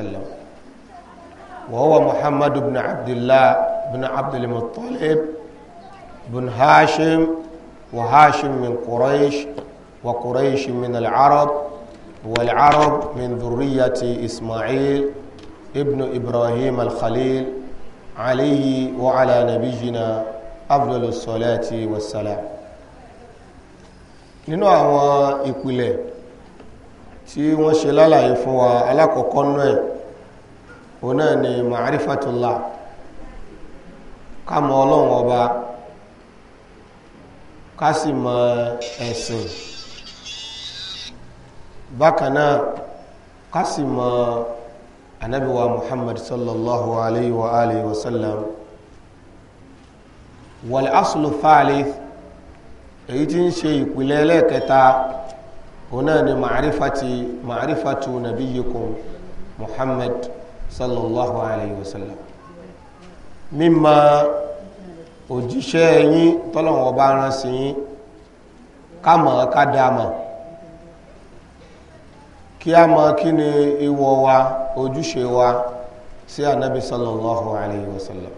وسلم وهو محمد بن عبد الله بن عبد المطلب بن هاشم وهاشم من قريش وقريش من العرب والعرب من ذرية إسماعيل ابن إبراهيم الخليل عليه وعلى نبينا أفضل الصلاة والسلام nínú àwọn ìpìlẹ̀ tí wọ́n ṣe lálàyé fún wa alákọ̀ọ́kọ́ náà ẹ̀ òun náà ni ma'arifatullah ká mọ ọlọ́run ọba ká sì mọ ẹ̀sìn bákan náà ká sì mọ anabiwa muhammad sallallahu alayhi wa alayhi wa sallam wal aslu thalith èyí tí ń ṣe ìpìlẹ̀ ẹlẹ́ẹ̀kẹta òun náà ni màrífàtì màrífàtù nàbíyíkùn muhammad sallallahu alayhi wa sallam mímọ̀ òjíṣẹ́ yín tọ́lọ̀wọ̀ bá rán sí yín ká mọ̀ ká dá mọ̀ kí a mọ̀ kí ni ìwọ̀ wa ojúṣe wa sí anabi sallallahu alayhi wa sallam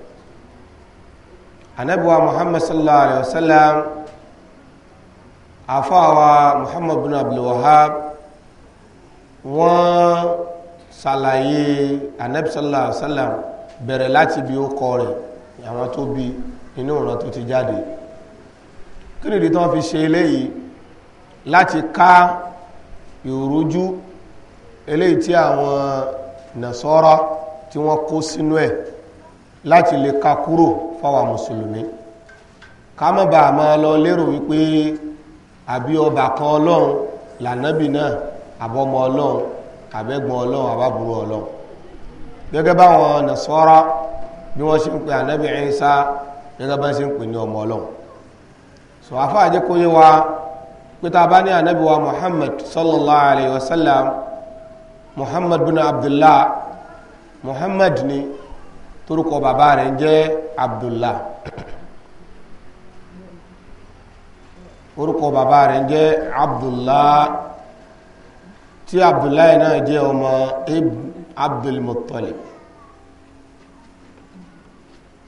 anabi wa muhammad sallallahu alayhi wa sallam àfọwà muhammad bin abdulwahab wọ́n ṣàlàyé anabi sallallahu alaihi sallam bẹ̀rẹ̀ láti bí ó kọ rẹ̀ àwọn tó bí nínú ọ̀ràn tó ti jáde kí nìdí tí wọ́n fi ṣe eléyìí láti ká ìrújú eléyìí tí àwọn nàṣọ́rọ́ tí wọ́n kó sínú ẹ̀ láti lè ká kúrò fáwọn mùsùlùmí ká má bàa máa lọ lérò wípé àbí ọba kan ọlọ́run lànàbì náà àbọ́mọ ọlọ́run àbẹ́gbọ́n ọlọ́run àbábúrò ọlọ́run gẹ́gẹ́ báwọn nàṣọ́rọ́ bí wọ́n ṣe ń pè ànábì Ìsá gẹ́gẹ́ bá ṣe ń pè ní ọmọ ọlọ́run sọ àfáà jẹ́ kó yé wa pé tá a bá ní ànábì wa Muhammad sallallahu alayhi wa sallam Muhammad bin Abdullah Muhammad ni torúkọ bàbá rẹ̀ ń jẹ́ Abdullah orúkọ bàbá rẹ̀ ń jẹ́ abdullah tí abdullah náà jẹ́ ọmọ abdulmutalib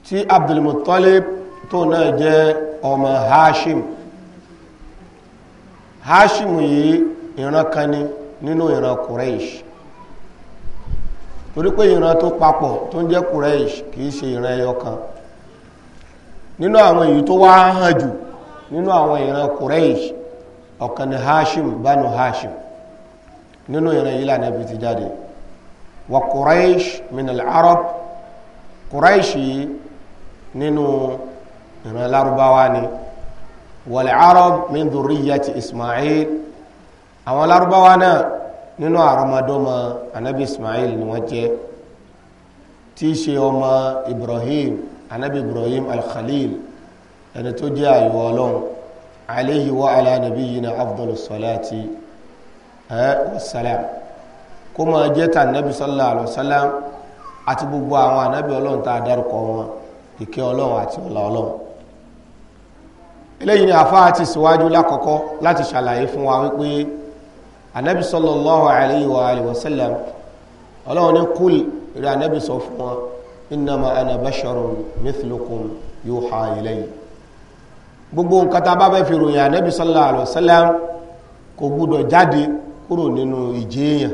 tí abdulmutalib tó náà jẹ́ ọmọ hashim hashim yìí ìran kan ni nínú ìran kureish, torí pé ìran tó papọ̀ tó ń jẹ́ quraish kìí ṣe ìran ẹyọ kan nínú àwọn èyí tó wá hàn jù nínú àwọn ìran Quraysh ọ̀kan ni Hashim banu Hashim nínú ìran yìí lànà ibi ti jáde wa Quraysh min al-Arab Quraysh yìí nínú ìran Lárúbáwá ni wal Arab min dhurriyyati Ismail àwọn Lárúbáwá náà nínú àrọmọdọ́mọ anabi Ismail ni wọ́n jẹ́ tí ṣe ọmọ Ibrahim anabi Ibrahim al-Khalil ẹni tó jẹ́ àyọ̀ ọlọ́run alayhi wa ala nabiyyina afdalus salati wassalam kó máa jẹ́ tà nàbí sallallahu alaihi wasallam àti gbogbo àwọn ànábì ọlọ́run tá a dárúkọ wọn ìkẹ́ ọlọ́run àti ọlá ọlọ́run eléyìí ni àfáà ti síwájú lákọ̀ọ́kọ́ láti ṣàlàyé fún wa wípé anabi sallallahu alayhi wa alihi ọlọ́run ní kúl rí anabi sọ fún wa innama ana basharun mithlukum yuha ilayya gbogbo nǹkan tá a bá fẹ́ fi ròyìn ànábì sallallahu alaihi wasallam kò gbúdọ̀ jáde kúrò nínú ìjẹ́ èèyàn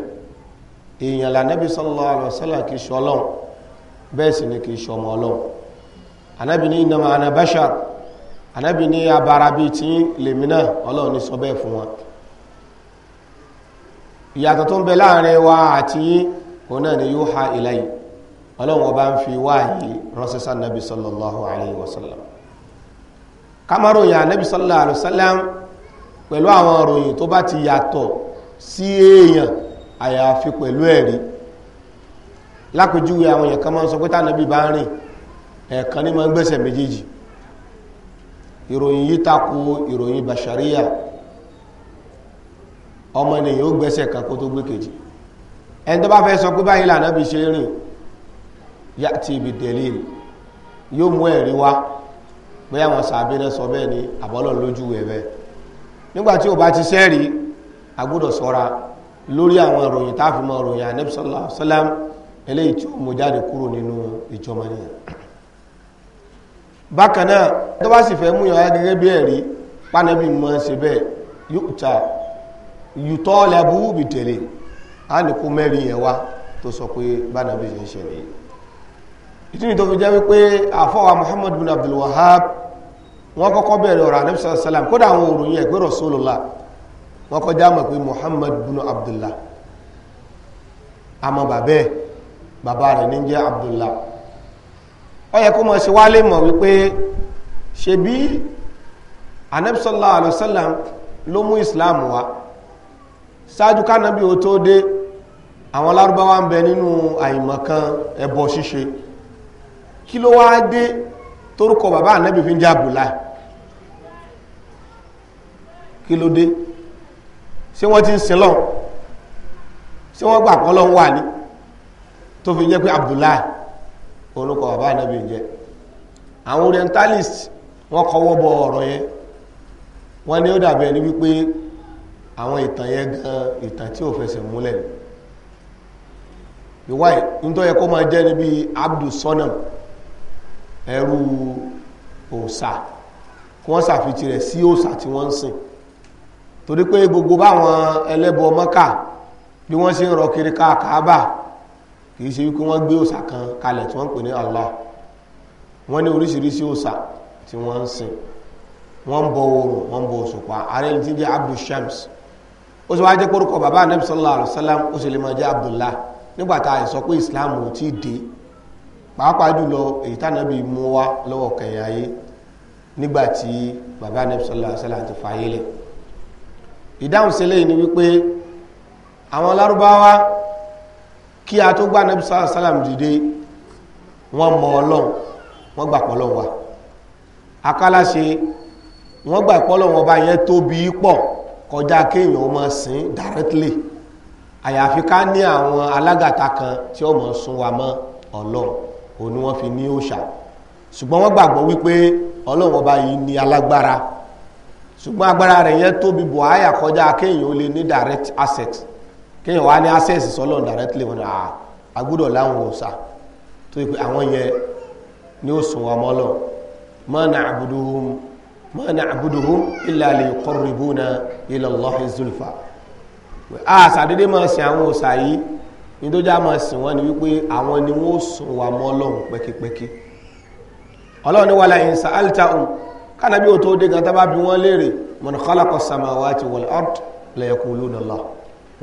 èèyàn lànábì sallallahu alaihi wasallam kì í ṣe ọlọ́run bẹ́ẹ̀ sì ni kì í ṣe ọmọ ọlọ́run ànábì ní innama ana bashar ní abara bíi tí lèmi náà ọlọ́run ní sọ bẹ́ẹ̀ fún wọn ìyàtọ̀ tó ń bẹ láàrin wa àti yín òun náà ni yuha ilayya ọlọ́run ọba ń fi wáyé ránṣẹ́ sáà nàbì sallallahu kamaroyin anabi sallallahu alayhi wa sallam pẹ̀lú àwọn ìròyìn tó bá ti yàtọ̀ sí èèyàn àyàfi pẹ̀lú ẹ̀rí lápèjúwe àwọn èèyàn kan máa ń sọ pé tànàbí bá ń rìn ẹ̀ẹ̀kan ní máa ń gbẹ̀sẹ̀ méjèèjì ìròyìn yìí tako ọmọ ènìyàn ó gbẹ̀sẹ̀ kan kó tó gbé kejì ẹni tó bá fẹ́ sọ pé báyìí lànàbí ṣe rìn yá ti ibi dẹ̀lì yóò mú ẹ̀rí wá bóyá àwọn sàbẹ̀ náà sọ bẹ́ẹ̀ ni àbọ́lọ̀ lójú ẹ̀ bẹ́ẹ̀ nígbà tí o bá ti sẹ́ẹ̀rí agbọ́dọ̀ sọ́ra lórí àwọn ìròyìn tá a fi mọ ìròyìn Ànábì sallallahu alaihi wasallam eléyìí tí ó mú jáde kúrò nínú ìjọba nìyẹn bákan náà tó bá sì fẹ́ mú yàrá gẹ́gẹ́ bí ẹ̀rí pánẹ́bí mọ́ ṣe bẹ́ẹ̀ yúta yùtọ́ lẹ́bù bìtẹ̀lẹ̀ á nìkú mẹ́rin yẹn wá tó sọ pé bánàbí ṣe ń ṣẹlẹ̀ yìí ìtúni tó fi jẹ́ wípé àfọwà Muhammad bin Abdul Wahab wọ́n kọ́kọ́ bẹ̀rẹ̀ ọ̀rọ̀ Ànábì sallallahu alaihi wasallam kódà àwọn òròyìn ẹ̀ pé Rasulullah wọ́n kọjá mọ̀ pé Muhammad bin Abdullah àmọ́ bàbẹ́ bàbá rẹ̀ ní jẹ́ Abdullah ó yẹ kó mọ̀ sí wálé mọ̀ wípé ṣe bí Ànábì sallallahu ló mú Islam wa ṣáájú kánábì ó tó dé àwọn lárúbáwá ń bẹ nínú àìmọ̀kan ẹbọ ṣíṣe kí ló wá dé torúkọ bàbá ànábì fi ń jẹ́ àbùlá kí ló dé ṣé wọ́n ti ń sin lọ́n ṣé wọ́n gbà pọ́n lọ́n wà ní tó fi jẹ́ pé àbùlá orúkọ bàbá ànábì ń jẹ́ àwọn orientalist wọ́n kọwọ́ bọ ọ̀rọ̀ yẹn wọ́n ní ó dàbẹ̀ ní wípé àwọn ìtàn yẹn gan ìtàn tí ò fẹsẹ̀ múlẹ̀ ni ìwáyé nítorí ẹ̀kọ́ máa jẹ́ níbi abdul sonam ẹrú òòsà kí wọ́n sàfitì rẹ̀ sí òòsà tí wọ́n ń sìn torí pé gbogbo báwọn ẹlẹ́bọ mọ́kà bí wọ́n ṣe ń rọ kiri káàkáàbà kì í ṣe wípé wọ́n gbé òòsà kan kalẹ̀ tí wọ́n ń pè ní Allah wọ́n ní oríṣiríṣi òòsà tí wọ́n ń sìn wọ́n ń bọ oòrùn wọ́n ń bọ òṣùpá ààrẹ ní ti jẹ́ Shams ó sì wá jẹ́ pórúkọ bàbá anabi sallallahu alayhi wa sallam ó sì lè máa jẹ́ Abdullah nígbà tá Islam ò tí pàápàá jùlọ èyí tánàbí mú wá lọ́wọ́ kẹyìn ayé nígbàtí bàbá anabi sallallahu alaihi wasallam ti fààyè lẹ̀ ìdáhùn sílẹ̀ yìí ni wípé àwọn lárúbáwá kí a tó gbá anabi sallallahu alaihi wasallam dìde wọ́n mọ ọlọ́run wọ́n gbà pọ̀ lọ́wọ́ wa akálàṣe wọ́n gbà pọ̀ lọ́wọ́ ọba yẹn tóbi pọ̀ kọjá kéèyàn máa sìn directly àyàfi ká ní àwọn alágàtà kan tí ó mọ̀ sún wa mọ́ ọlọ́run òun ni fi ní òòṣà ṣùgbọ́n wọ́n ni alágbára ṣùgbọ́n agbára rẹ̀ yẹn tóbi bọ̀ àyà kọjá kéèyàn ó lè direct access kéèyàn wá access sọlọ́run directly wọn àà agbúdọ̀ ah, láwọn òòṣà tó yẹ pé àwọn yẹn ni ó sùn wọn ma na'buduhum ma na'buduhum ila Allahi zulfa àṣà dédé máa ṣe àwọn òòṣà yìí nítorí a máa sìn wọ́n ni wípé àwọn ni wọ́n sùn wà mọ́ ọlọ́run pẹ́kípẹ́kí ọlọ́run ní wàhálà ìsà altahun kánàbí ò tó dé gan tá wọ́n léèrè man khalaqa samawati wal la yaquluna Allah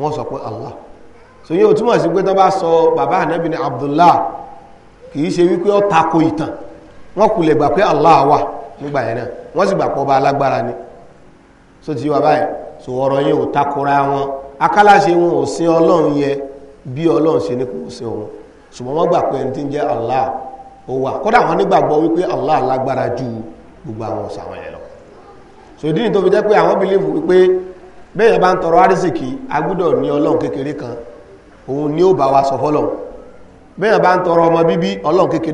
wọ́n sọ pé Allah so yóò túmọ̀ sí pé tó bá sọ Abdullah kì í ṣe wípé ó tako Allah wà nígbà yẹn náà wọ́n sì so ti wà so ọ̀rọ̀ yẹn ò takora wọn akálàṣe wọn ò sin ọlọ́run yẹn bí ọlọ́run ṣe ní kò sí òun ṣùgbọ́n wọ́n gbà pé ẹni tí ń jẹ́ Allah ó wà kódà wọn nígbàgbọ́ wípé Allah lágbára ju gbogbo àwọn ọ̀sà wọn yẹn lọ so ìdí ni tó fi jẹ́ pé àwọn wípé bẹ́ẹ̀ bá ń tọrọ agbúdọ̀ ní kan òun ni wa sọ fọ́lọ̀ bẹ́ẹ̀ bá ń tọrọ ọmọ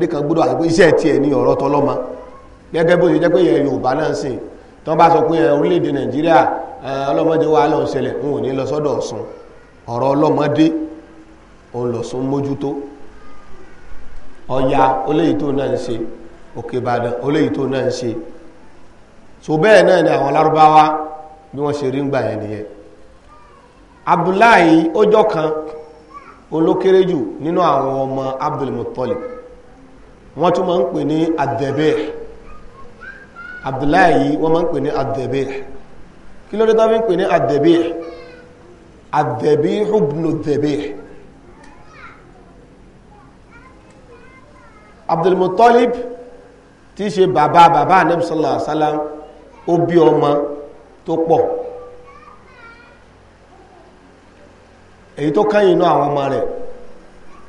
kan gbúdọ̀ àti iṣẹ́ tiẹ̀ ní ọ̀rọ̀ tọlọ́mọ gẹ́gẹ́ bó ṣe òun mojuto, sún mójútó ọya oléyìí tó náà ń ṣe òkè ìbàdàn oléyìí tó náà ń ṣe so bẹ́ẹ̀ náà ni àwọn lárúbáwá bí wọ́n ṣe rí ń gbà yẹn nìyẹn abdullahi ọjọ́ kan olókéré jù nínú àwọn ọmọ abdulmuttalib wọ́n tún máa ń pè ní adẹ́bẹ́ abdullahi wọ́n máa ń pè ní adẹ́bẹ́ kí ló dé tó fi ń pè ní adẹ́bẹ́ adẹ́bẹ́ hubnu abdulmutalib tí í ṣe bàbá bàbá anabi sallallahu alaihi wasallam ó bí ọmọ tó pọ̀ èyí tó kẹ́yìn inú àwọn ọmọ rẹ̀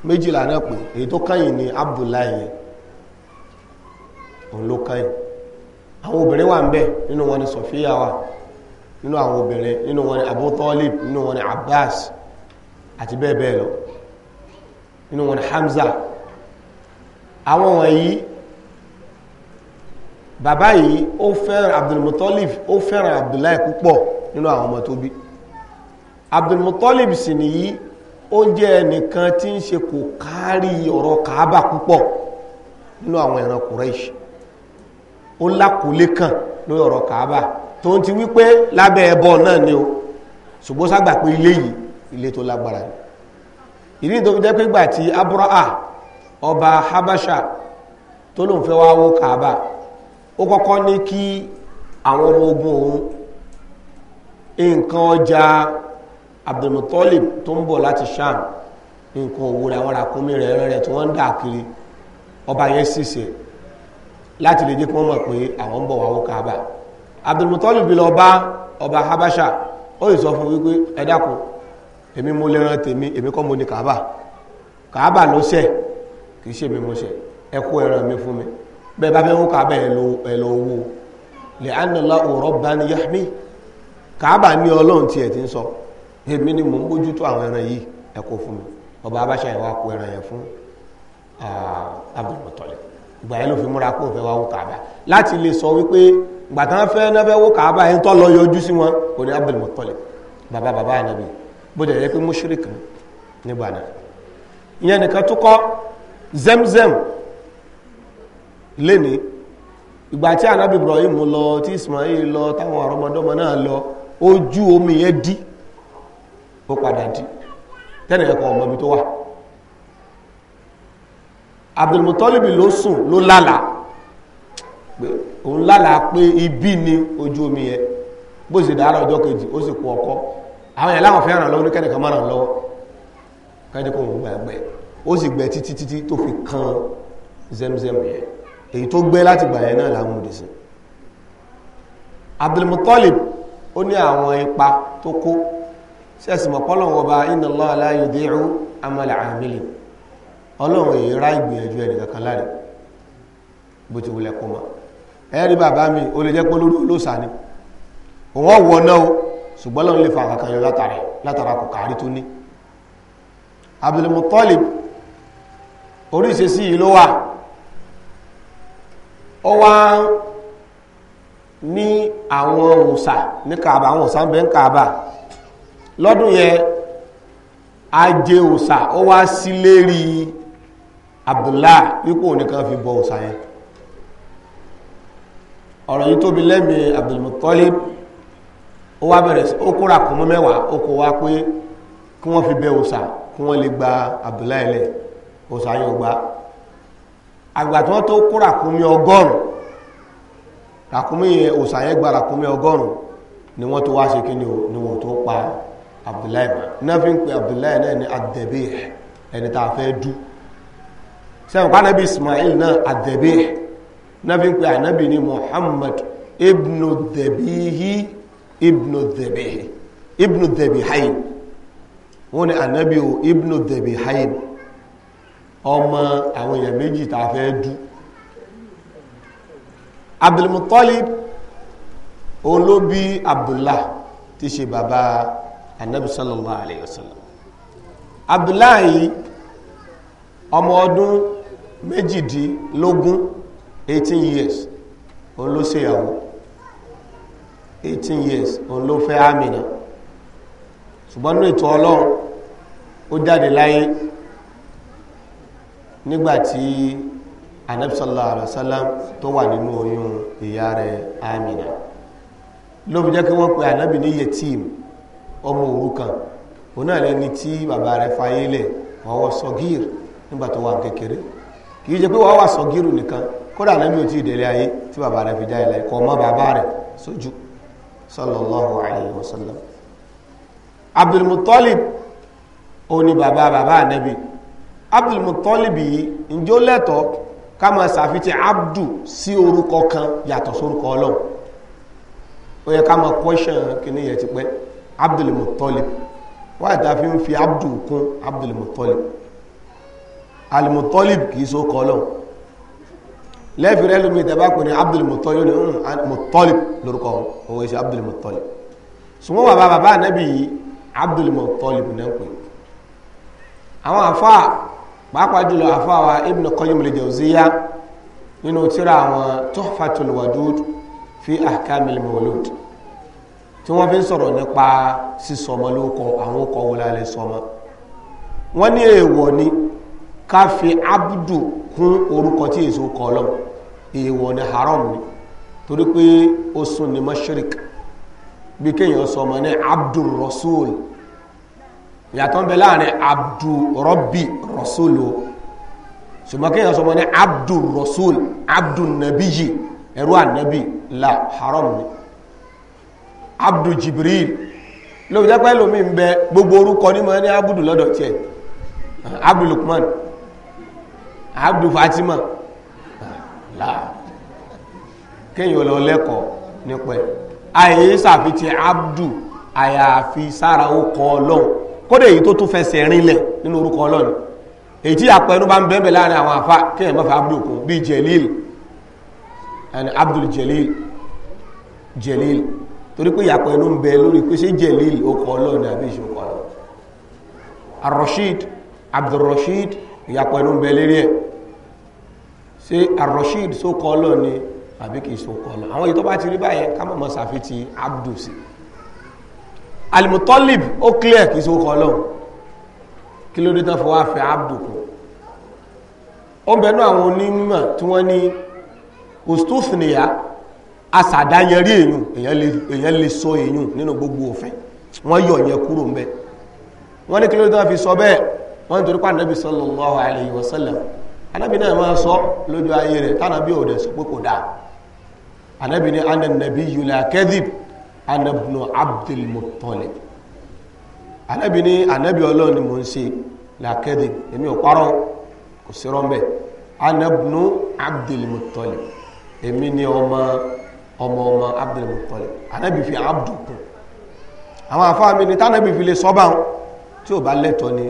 méjìlá náà pé èyí tó kẹ́yìn ní abdullahi yẹn òun ló kẹ́yìn àwọn obìnrin wà ń bẹ nínú wọn ni sofia wà nínú àwọn obìnrin nínú wọn ni abu talib nínú wọn ni abbas àti bẹ́ẹ̀ bẹ́ẹ̀ lọ nínú ni hamza àwọn wọ̀nyí bàbá yìí ó fẹ́ràn abdulmutalib ó fẹ́ràn abdullahi púpọ̀ nínú àwọn ọmọ tó bí abdulmutalib sì nìyí ó jẹ́ ẹnìkan tí ń ṣe kò kárí ọ̀rọ̀ kàábà púpọ̀ nínú àwọn ìran Quraish ó lákòólé kan lórí ọ̀rọ̀ kàábà tó ń ti wípé lábẹ́ ẹbọ náà ni o ṣùgbọ́n ságbà pé ilé yìí ilé tó lágbára ni ìdí tó fi jẹ́ pé gbà tí Abraha ọba habasha tó lóun fẹ́ wá wó kaaba ó kọ́kọ́ ní kí àwọn ọmọ ogun òun nǹkan ọjà abdulmutalib tó ń bọ̀ láti sham nǹkan òwúrò àwọn ràkúnmí rẹ̀ rẹ̀ tí wọ́n ń dà kiri ọba yẹn ṣìṣe láti lè jẹ́ kí wọ́n mọ̀ pé àwọn ń bọ̀ wá wó kaaba abdulmutalib lọ bá ọba habasha ó sì sọ fún wípé ẹ dákun èmi mo lè ran tèmi èmi kọ́ mo ní kaaba kaaba ló ṣẹ̀ kì í ṣe mi mo ṣe ẹ kó ẹran mi fún mi bẹ́ẹ̀ bá fẹ́ ń kà bẹ́ẹ̀ ẹ lọ owó lè ánàlá òrọ̀ bá ní yàmí kàábà ní ọlọ́run tiẹ̀ ti ń sọ èmi ni mò ń bójútó àwọn ẹran yìí ẹ kó fún mi ọba abáṣà ìwà kó ẹran yẹn fún abdulmọtọlẹ ìgbà yẹn ló fi múra kó fẹ́ wá wó kàábà láti lè sọ wípé ìgbà tán fẹ́ náà fẹ́ wó kàábà yẹn tó lọ yọjú sí wọn kò ní abdulmọtọlẹ bàbá bàbá zemzem léni ìgbà tí anabi ibrahim lọ tí ismail lọ táwọn àrọmọdọ́mọ náà lọ ojú omi yẹn dí ó padà dí tẹ́nìyàn kan ọmọ tó wà abdulmutalibi ló sùn ló lálà òun ibi ni ojú omi e bó sì dára ọjọ́ kejì ó sì kú ọkọ àwọn yẹn láwọn fẹ́ràn lọ́wọ́ ní kẹ́nìkan mọ́ràn lọ́wọ́ kẹ́nìkan ó sì gbẹ títí títí tó fi kan zemzem yẹn èyí tó gbẹ láti gbà yẹn náà làwọn òdì sí Abdulmutalib ó ní àwọn ipa tó kó sẹ́sìmọ̀ pọ́lọ̀wọ̀ bá inna Allah la yudhi'u amala 'amilin ọlọ́run èyí rá ìgbìyànjú ẹni kankan láre bó ti wulẹ̀ kó ma ẹ̀rí bàbá mi ó lè jẹ́ pé lórí olóòsà ni òun wọ náà o ṣùgbọ́n lọ́run lè fa kankan yọ látara kò kárí tó ní Abdulmutalib orí ìṣesí yìí ló wà ó wá ní àwọn òòsà ní kaaba àwọn òòsà ń bẹ ń kaaba lọ́dún yẹn ajé òòsà ó wá sí lérí Abdullah wípò nìkan fi bọ òòsà yẹn ọ̀rọ̀ yìí tóbi lẹ́mìí Abdul Muttalib ó wá bẹ̀rẹ̀ ó kóra kùnmọ́ mẹ́wàá ó kó wá pé kí wọ́n fi bẹ òòsà kí wọ́n lè gba Abdullah ilẹ̀ òsà yorùbá àgbà tí wọ́n tó kó ràkúnmí ọgọ́rùn ràkúnmí yẹn òsà yẹn gba ràkúnmí ọgọ́rùn ni wọ́n tó wá ṣe kíni ni wọ́n tó pa abdullahi ismail náà adẹ̀bí náà anabi ní muhammad ibnu dẹ̀bíhi ibnu dẹ̀bíhi ibnu dẹ̀bíhain wọ́n ní anabi o ibnu dẹ̀bíhain ọmọ àwọn èèyàn méjì tá a fẹ́ dú abdulmutalib òun ló abdullah ti ṣe bàbá anabi sallallahu alayhi wa sallam abdullah yìí ọmọ ọdún méjìdínlógún eighteen years òun ló ṣèyàwó eighteen years òun ló fẹ́ amina ṣùgbọ́n nínú ètò ọlọ́run ó jáde láyé nígbàtí anabi sallallahu alaihi wasallam tó wà nínú oyún ìyá rẹ̀ amina lóbi jẹ́ kí wọ́n pe anabi ní yetim ọmọ òrukàn òun náà lẹni tí bàbá rẹ̀ fayé lẹ̀ wọ́n wọ́ sọgír nígbà tó wà kékeré kì í jẹ́ pé wọ́n wà sọgír nìkan kódà anabi ò tí ì ayé tí bàbá rẹ̀ fi já ilẹ̀ kọ́ mọ́ bàbá rẹ̀ sójú sallallahu Abdul Muttalib ǹjọ́ lẹ́tọ̀ọ́ ká máa ṣàfitì abdu sí orúkọ kan yàtọ̀ sórúkọ ọlọ́run ó yẹ ká máa question kìíní yẹn ti pẹ́ Abdul Muttalib wọ́n àti àfi ń fi abdu kún Abdul Muttalib Al-Muttalib kì í sórúkọ ọlọ́run lẹ́fìrẹ́ lómi ìtẹ́bá pè ní Abdul Muttalib ní hmm, Muttalib lórúkọ òun èsì Abdul sùnwọ́n bàbá bàbá ànábì yìí Abdul náà pè àwọn àfáà pàápàá jùlọ àfáwà Ibn Qayyim al-Jawziyya nínú tíra àwọn Tuhfatul Wadud fi ahkamil mawlud tí wọ́n fi ń sọ̀rọ̀ nípa sísọmọ lóko àwọn ọkọ̀ wọlé alẹ́ sọmọ wọ́n ní èèwọ̀ ni ká fi kún orúkọ tí èso kọ èèwọ̀ ni haram ni torí pé ó sún ni mashrik bí kéèyàn sọmọ ní Abdur ìyàtọ̀ ń bẹ láàrin abdulrọ́bì rọ́sùlù ṣùgbọ́n kéèyàn sọmọ ní abdulrọ́sùlù abdulnabiyi ẹrú ànábì la haram ni abduljibril lóbi jẹ́ pé lómi ń bẹ gbogbo orúkọ ní mọ́ ní abudu lọ́dọ̀ tiẹ̀ abdulukman abdulfatima la kéèyàn lọ lẹ́kọ̀ọ́ nípa ẹ̀ àyè sàfitì abdul àyàfi sára ó kọ́ ọlọ́run kódà èyí tó tún fẹsẹ̀ rinlẹ̀ nínú orúkọ ọlọ́run èyí tí àpẹẹrú bá ń bẹ́ẹ̀bẹ̀ láàrin àwọn afá kéèyàn mọ́fà abdul kun bíi jelil and abdul jelil jelil torí pé ìyàpẹ̀ẹrú ń bẹ lórí pé ṣé jelil okọ ọlọ́run àbí ìṣe okọ ọlọ́run arrashid abdulrashid ìyàpẹ̀ẹrú ń bẹ lérí ẹ̀ ṣé arrashid sókọ ọlọ́run ni àbí kì í sókọ ọlọ́run àwọn èyí tó bá ti rí báyẹn ká mọ̀ mọ́ sàfitì abdul sí alimutalib ó clear kì í sókọ ọlọ́run kí ló dé tán fọwọ́ àfẹ́ abdùkù ó ń bẹnu àwọn onímọ̀ tí wọ́n ní ostofiniya asàdáyẹrí èyàn èyàn lè sọ èyàn nínú gbogbo òfin wọ́n yọ yẹn kúrò ń bẹ wọ́n ní kí ló dé tán fi sọ bẹ́ẹ̀ wọ́n nítorí pé ànábì sallallahu anabnu abdulmuttalib anabi ní anabi ọlọ́run ni mò ń ṣe làkẹ́dẹ̀ èmi ò parọ́ kò sí rọ́mbẹ́ anabnu abdulmuttalib èmi ni ọmọ ọmọ ọmọ abdulmuttalib anabi fi abdu kún àwọn afáàmì ni tánàbì fi lè sọ́bà tí ò bá lẹ́tọ̀ọ́ ni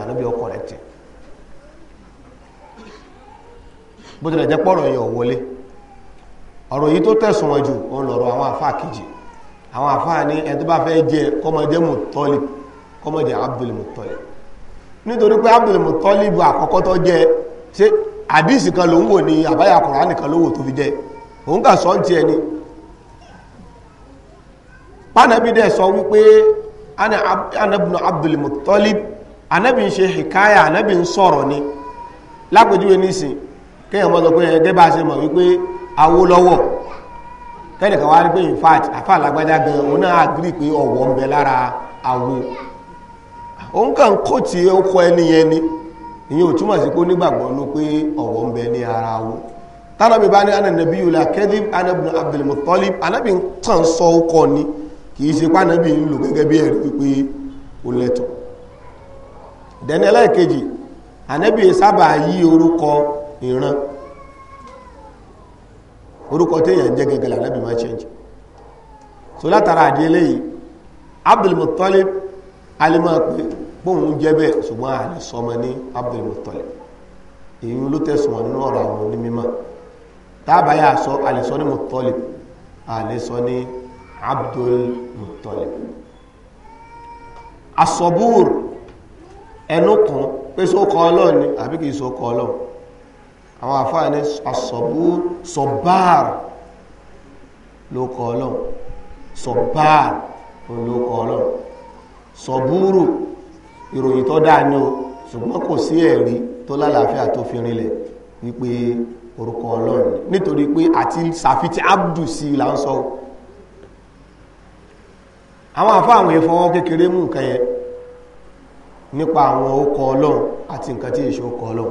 anabi ọkọ̀ rẹ̀ tẹ̀ bó tilẹ̀ jẹ́ pọ̀rọ̀ yẹn ò wọlé ọ̀rọ̀ yìí tó tẹ̀sùn wọn jù wọn lọ̀rọ̀ àwọn àfáà kejì àwọn àfáà ní ẹni tó bá fẹ́ jẹ kọ́mọjẹ́ mùtọ́lì kọ́mọjẹ́ Abdul Muttalib nítorí pé Abdul Muttalib bu àkọ́kọ́ tó jẹ ṣé àdísì kan ló ń wò ní àbáyà Kùránì kan ló wò tó fi jẹ òun kà sọ ti ẹni pánàbí dẹ̀ sọ wípé anabnu Abdul Muttalib anabi ń ṣe hikaya anabi ń sọ̀rọ̀ ni lápèjúwe nísìn kéèyàn mọ́ sọ pé ẹgẹ́ bá ṣe mọ̀ wípé awolowo tẹ́lẹ̀ kan wá rí pé in fact àfa alágbádá gan òun náà agree pé ọ̀wọ̀ ń bẹ lára awo òun kàn kó tí e, ó kọ ẹni yẹn ni ìyẹn ò túmọ̀ sí pé onígbàgbọ́ ló pé ọ̀wọ̀ ń bẹ ní ara awo tánàbí bá ní yòlá kẹ́dí tàn sọ ọkọ ni ṣe ń lò gẹ́gẹ́ bí ẹ̀rí orúkọ téèyàn jẹ́ gẹ́gẹ́ lànàbì máa change so látara àdí eléyìí Abdul Muttalib alimọ̀ pé bóun jẹ́ bẹ́ẹ̀ ṣùgbọ́n àlè sọmọ ní Abdul Muttalib èyí ló tẹ̀sùn wọn nínú ọ̀rọ̀ àwọn onímọ̀ tábà yà sọ àlè sọ ní Muttalib àlè sọ ní Abdul Muttalib ẹnu kan pé sókọ ọlọ́ọ̀ni àbí sókọ ọlọ́ọ̀ àwọn àfáà ní asọ̀bú sọ̀báàr ló kọ ọlọ́run sọ̀báàr ló kọ ọlọ́run sọ̀búrù ìròyìn tó dáa ní o ṣùgbọ́n kò sí ẹ̀rí tó lálàáfíà tó fi rinlẹ̀ wípé orúkọ ọlọ́run nítorí pé àti sàfitì abdu sí là ń sọ àwọn àfáà àwọn ìfọwọ́ kékeré mú nǹkan yẹn nípa àwọn okọ ọlọ́run àti nǹkan tí èso ọlọ́run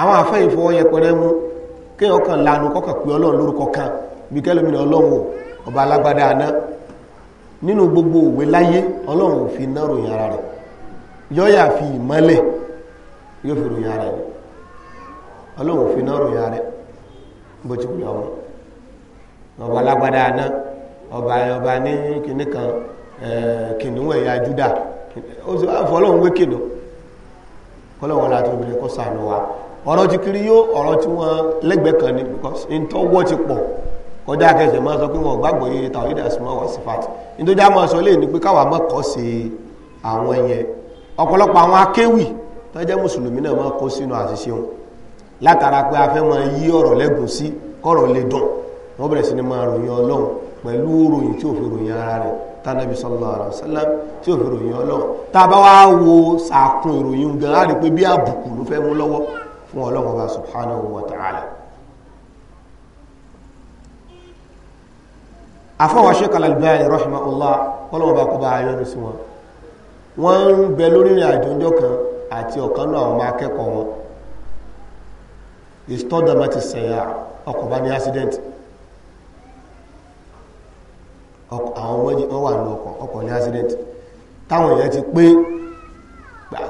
àwọn àfẹ́yìn fọwọ́ yẹpẹrẹ mú kéèyàn kan lanu kọ́kàn pé ọlọ́run lórúkọ kan bí kẹ́lómìnà ọlọ́run ọba alágbádá aná nínú gbogbo òwe láyé ọlọ́run fi ná ròyìn ara rẹ̀ yọ́yà fi ìmọ́lẹ̀ yóò fi ròyìn ara rẹ̀ ọlọ́run fi ná ròyìn ara rẹ̀ bó ti ọba alágbádá aná ọba ọba ní kan ẹ̀yà Júdà ó wé obìnrin kọ́ wa. ọ̀rọ̀ ti kiri yóò ọ̀rọ̀ tí wọ́n lẹ́gbẹ̀ẹ́ kan ni because in tó wọ́ ti pọ̀ kọjá akẹ́sẹ̀ máa sọ pé wọ́n gbàgbọ́ yìí tàwídà sí máa wà sí fat nítorí a máa sọ lé ní pé káwà máa kọ́ sí àwọn yẹn ọ̀pọ̀lọpọ̀ àwọn akéwì tó jẹ́ mùsùlùmí náà máa kó sínú àṣìṣe wọn látara pé a fẹ́ máa yí ọ̀rọ̀ lẹ́gùn sí kọ́rọ̀ lè dùn wọ́n bẹ̀rẹ̀ sí ni máa ròyìn ọlọ́run pẹ̀lú ròyìn tí ò fi ròyìn ara rẹ̀ tánàbí sallallahu alaihi wasallam tí ò fi ròyìn ọlọ́run tá a bá wá wo sàkún ìròyìn gan á rí pé bí àbùkù ló fẹ́ mú lọ́wọ́ fún ọlọ́run ọba subhanahu wa ta'ala afọwọ́ Sheikh albani rahimahullah ọlọ́run ọba kọba ayọ́nu sí wọn wọ́n ń bẹ lórí ìrìn àjò kan àti ọ̀kan náà wọn istodamati sẹ̀yà ọkọ̀ ní accident àwọn méjì wọ́n wà ní ọkọ̀ ní accident táwọn èèyàn ti pé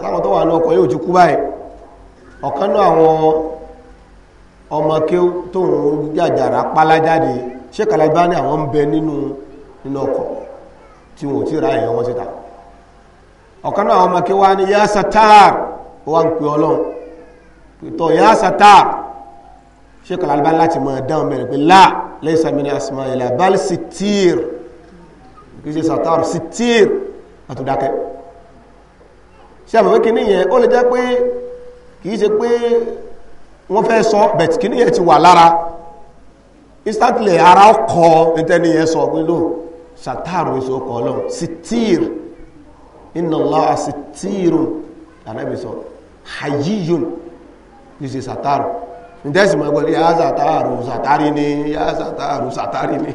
láwọn tó wà ní ọkọ̀ yóò ti kú báyìí ọ̀kan náà àwọn ọmọ kí tóun jàjàrà pálájáde ṣé kalagba ní àwọn ń bẹ nínú nínú ọkọ̀ tí wọn ò tí ra èèyàn wọn síta ọ̀kan náà àwọn ọmọ kí wá ní yá satar wá ń pè ọlọ́run pẹ̀tọ́ yá satar ṣé kalagba láti mọ̀ dáhùn mẹ́rin pé láà lẹ́yìn sàmìnà àsìmọ́ ìlà bal sitir kì í ṣe satar sitir àtúndákẹ́ ṣé àbẹ̀wé kìíní yẹn ó lè jẹ́ pé kìí ṣe pé wọ́n fẹ́ sọ bẹ̀tìkíní yẹn ti wà lára istatile ara ọkọ̀ nítẹ́ni yẹn sọ pé lò ṣàtàrù ọkọ̀ ọlọ́run sitir inala sitirun ànábì sọ hayiyun ṣe nítẹ́sì mọ́ ẹgbẹ́ yá ni yá ni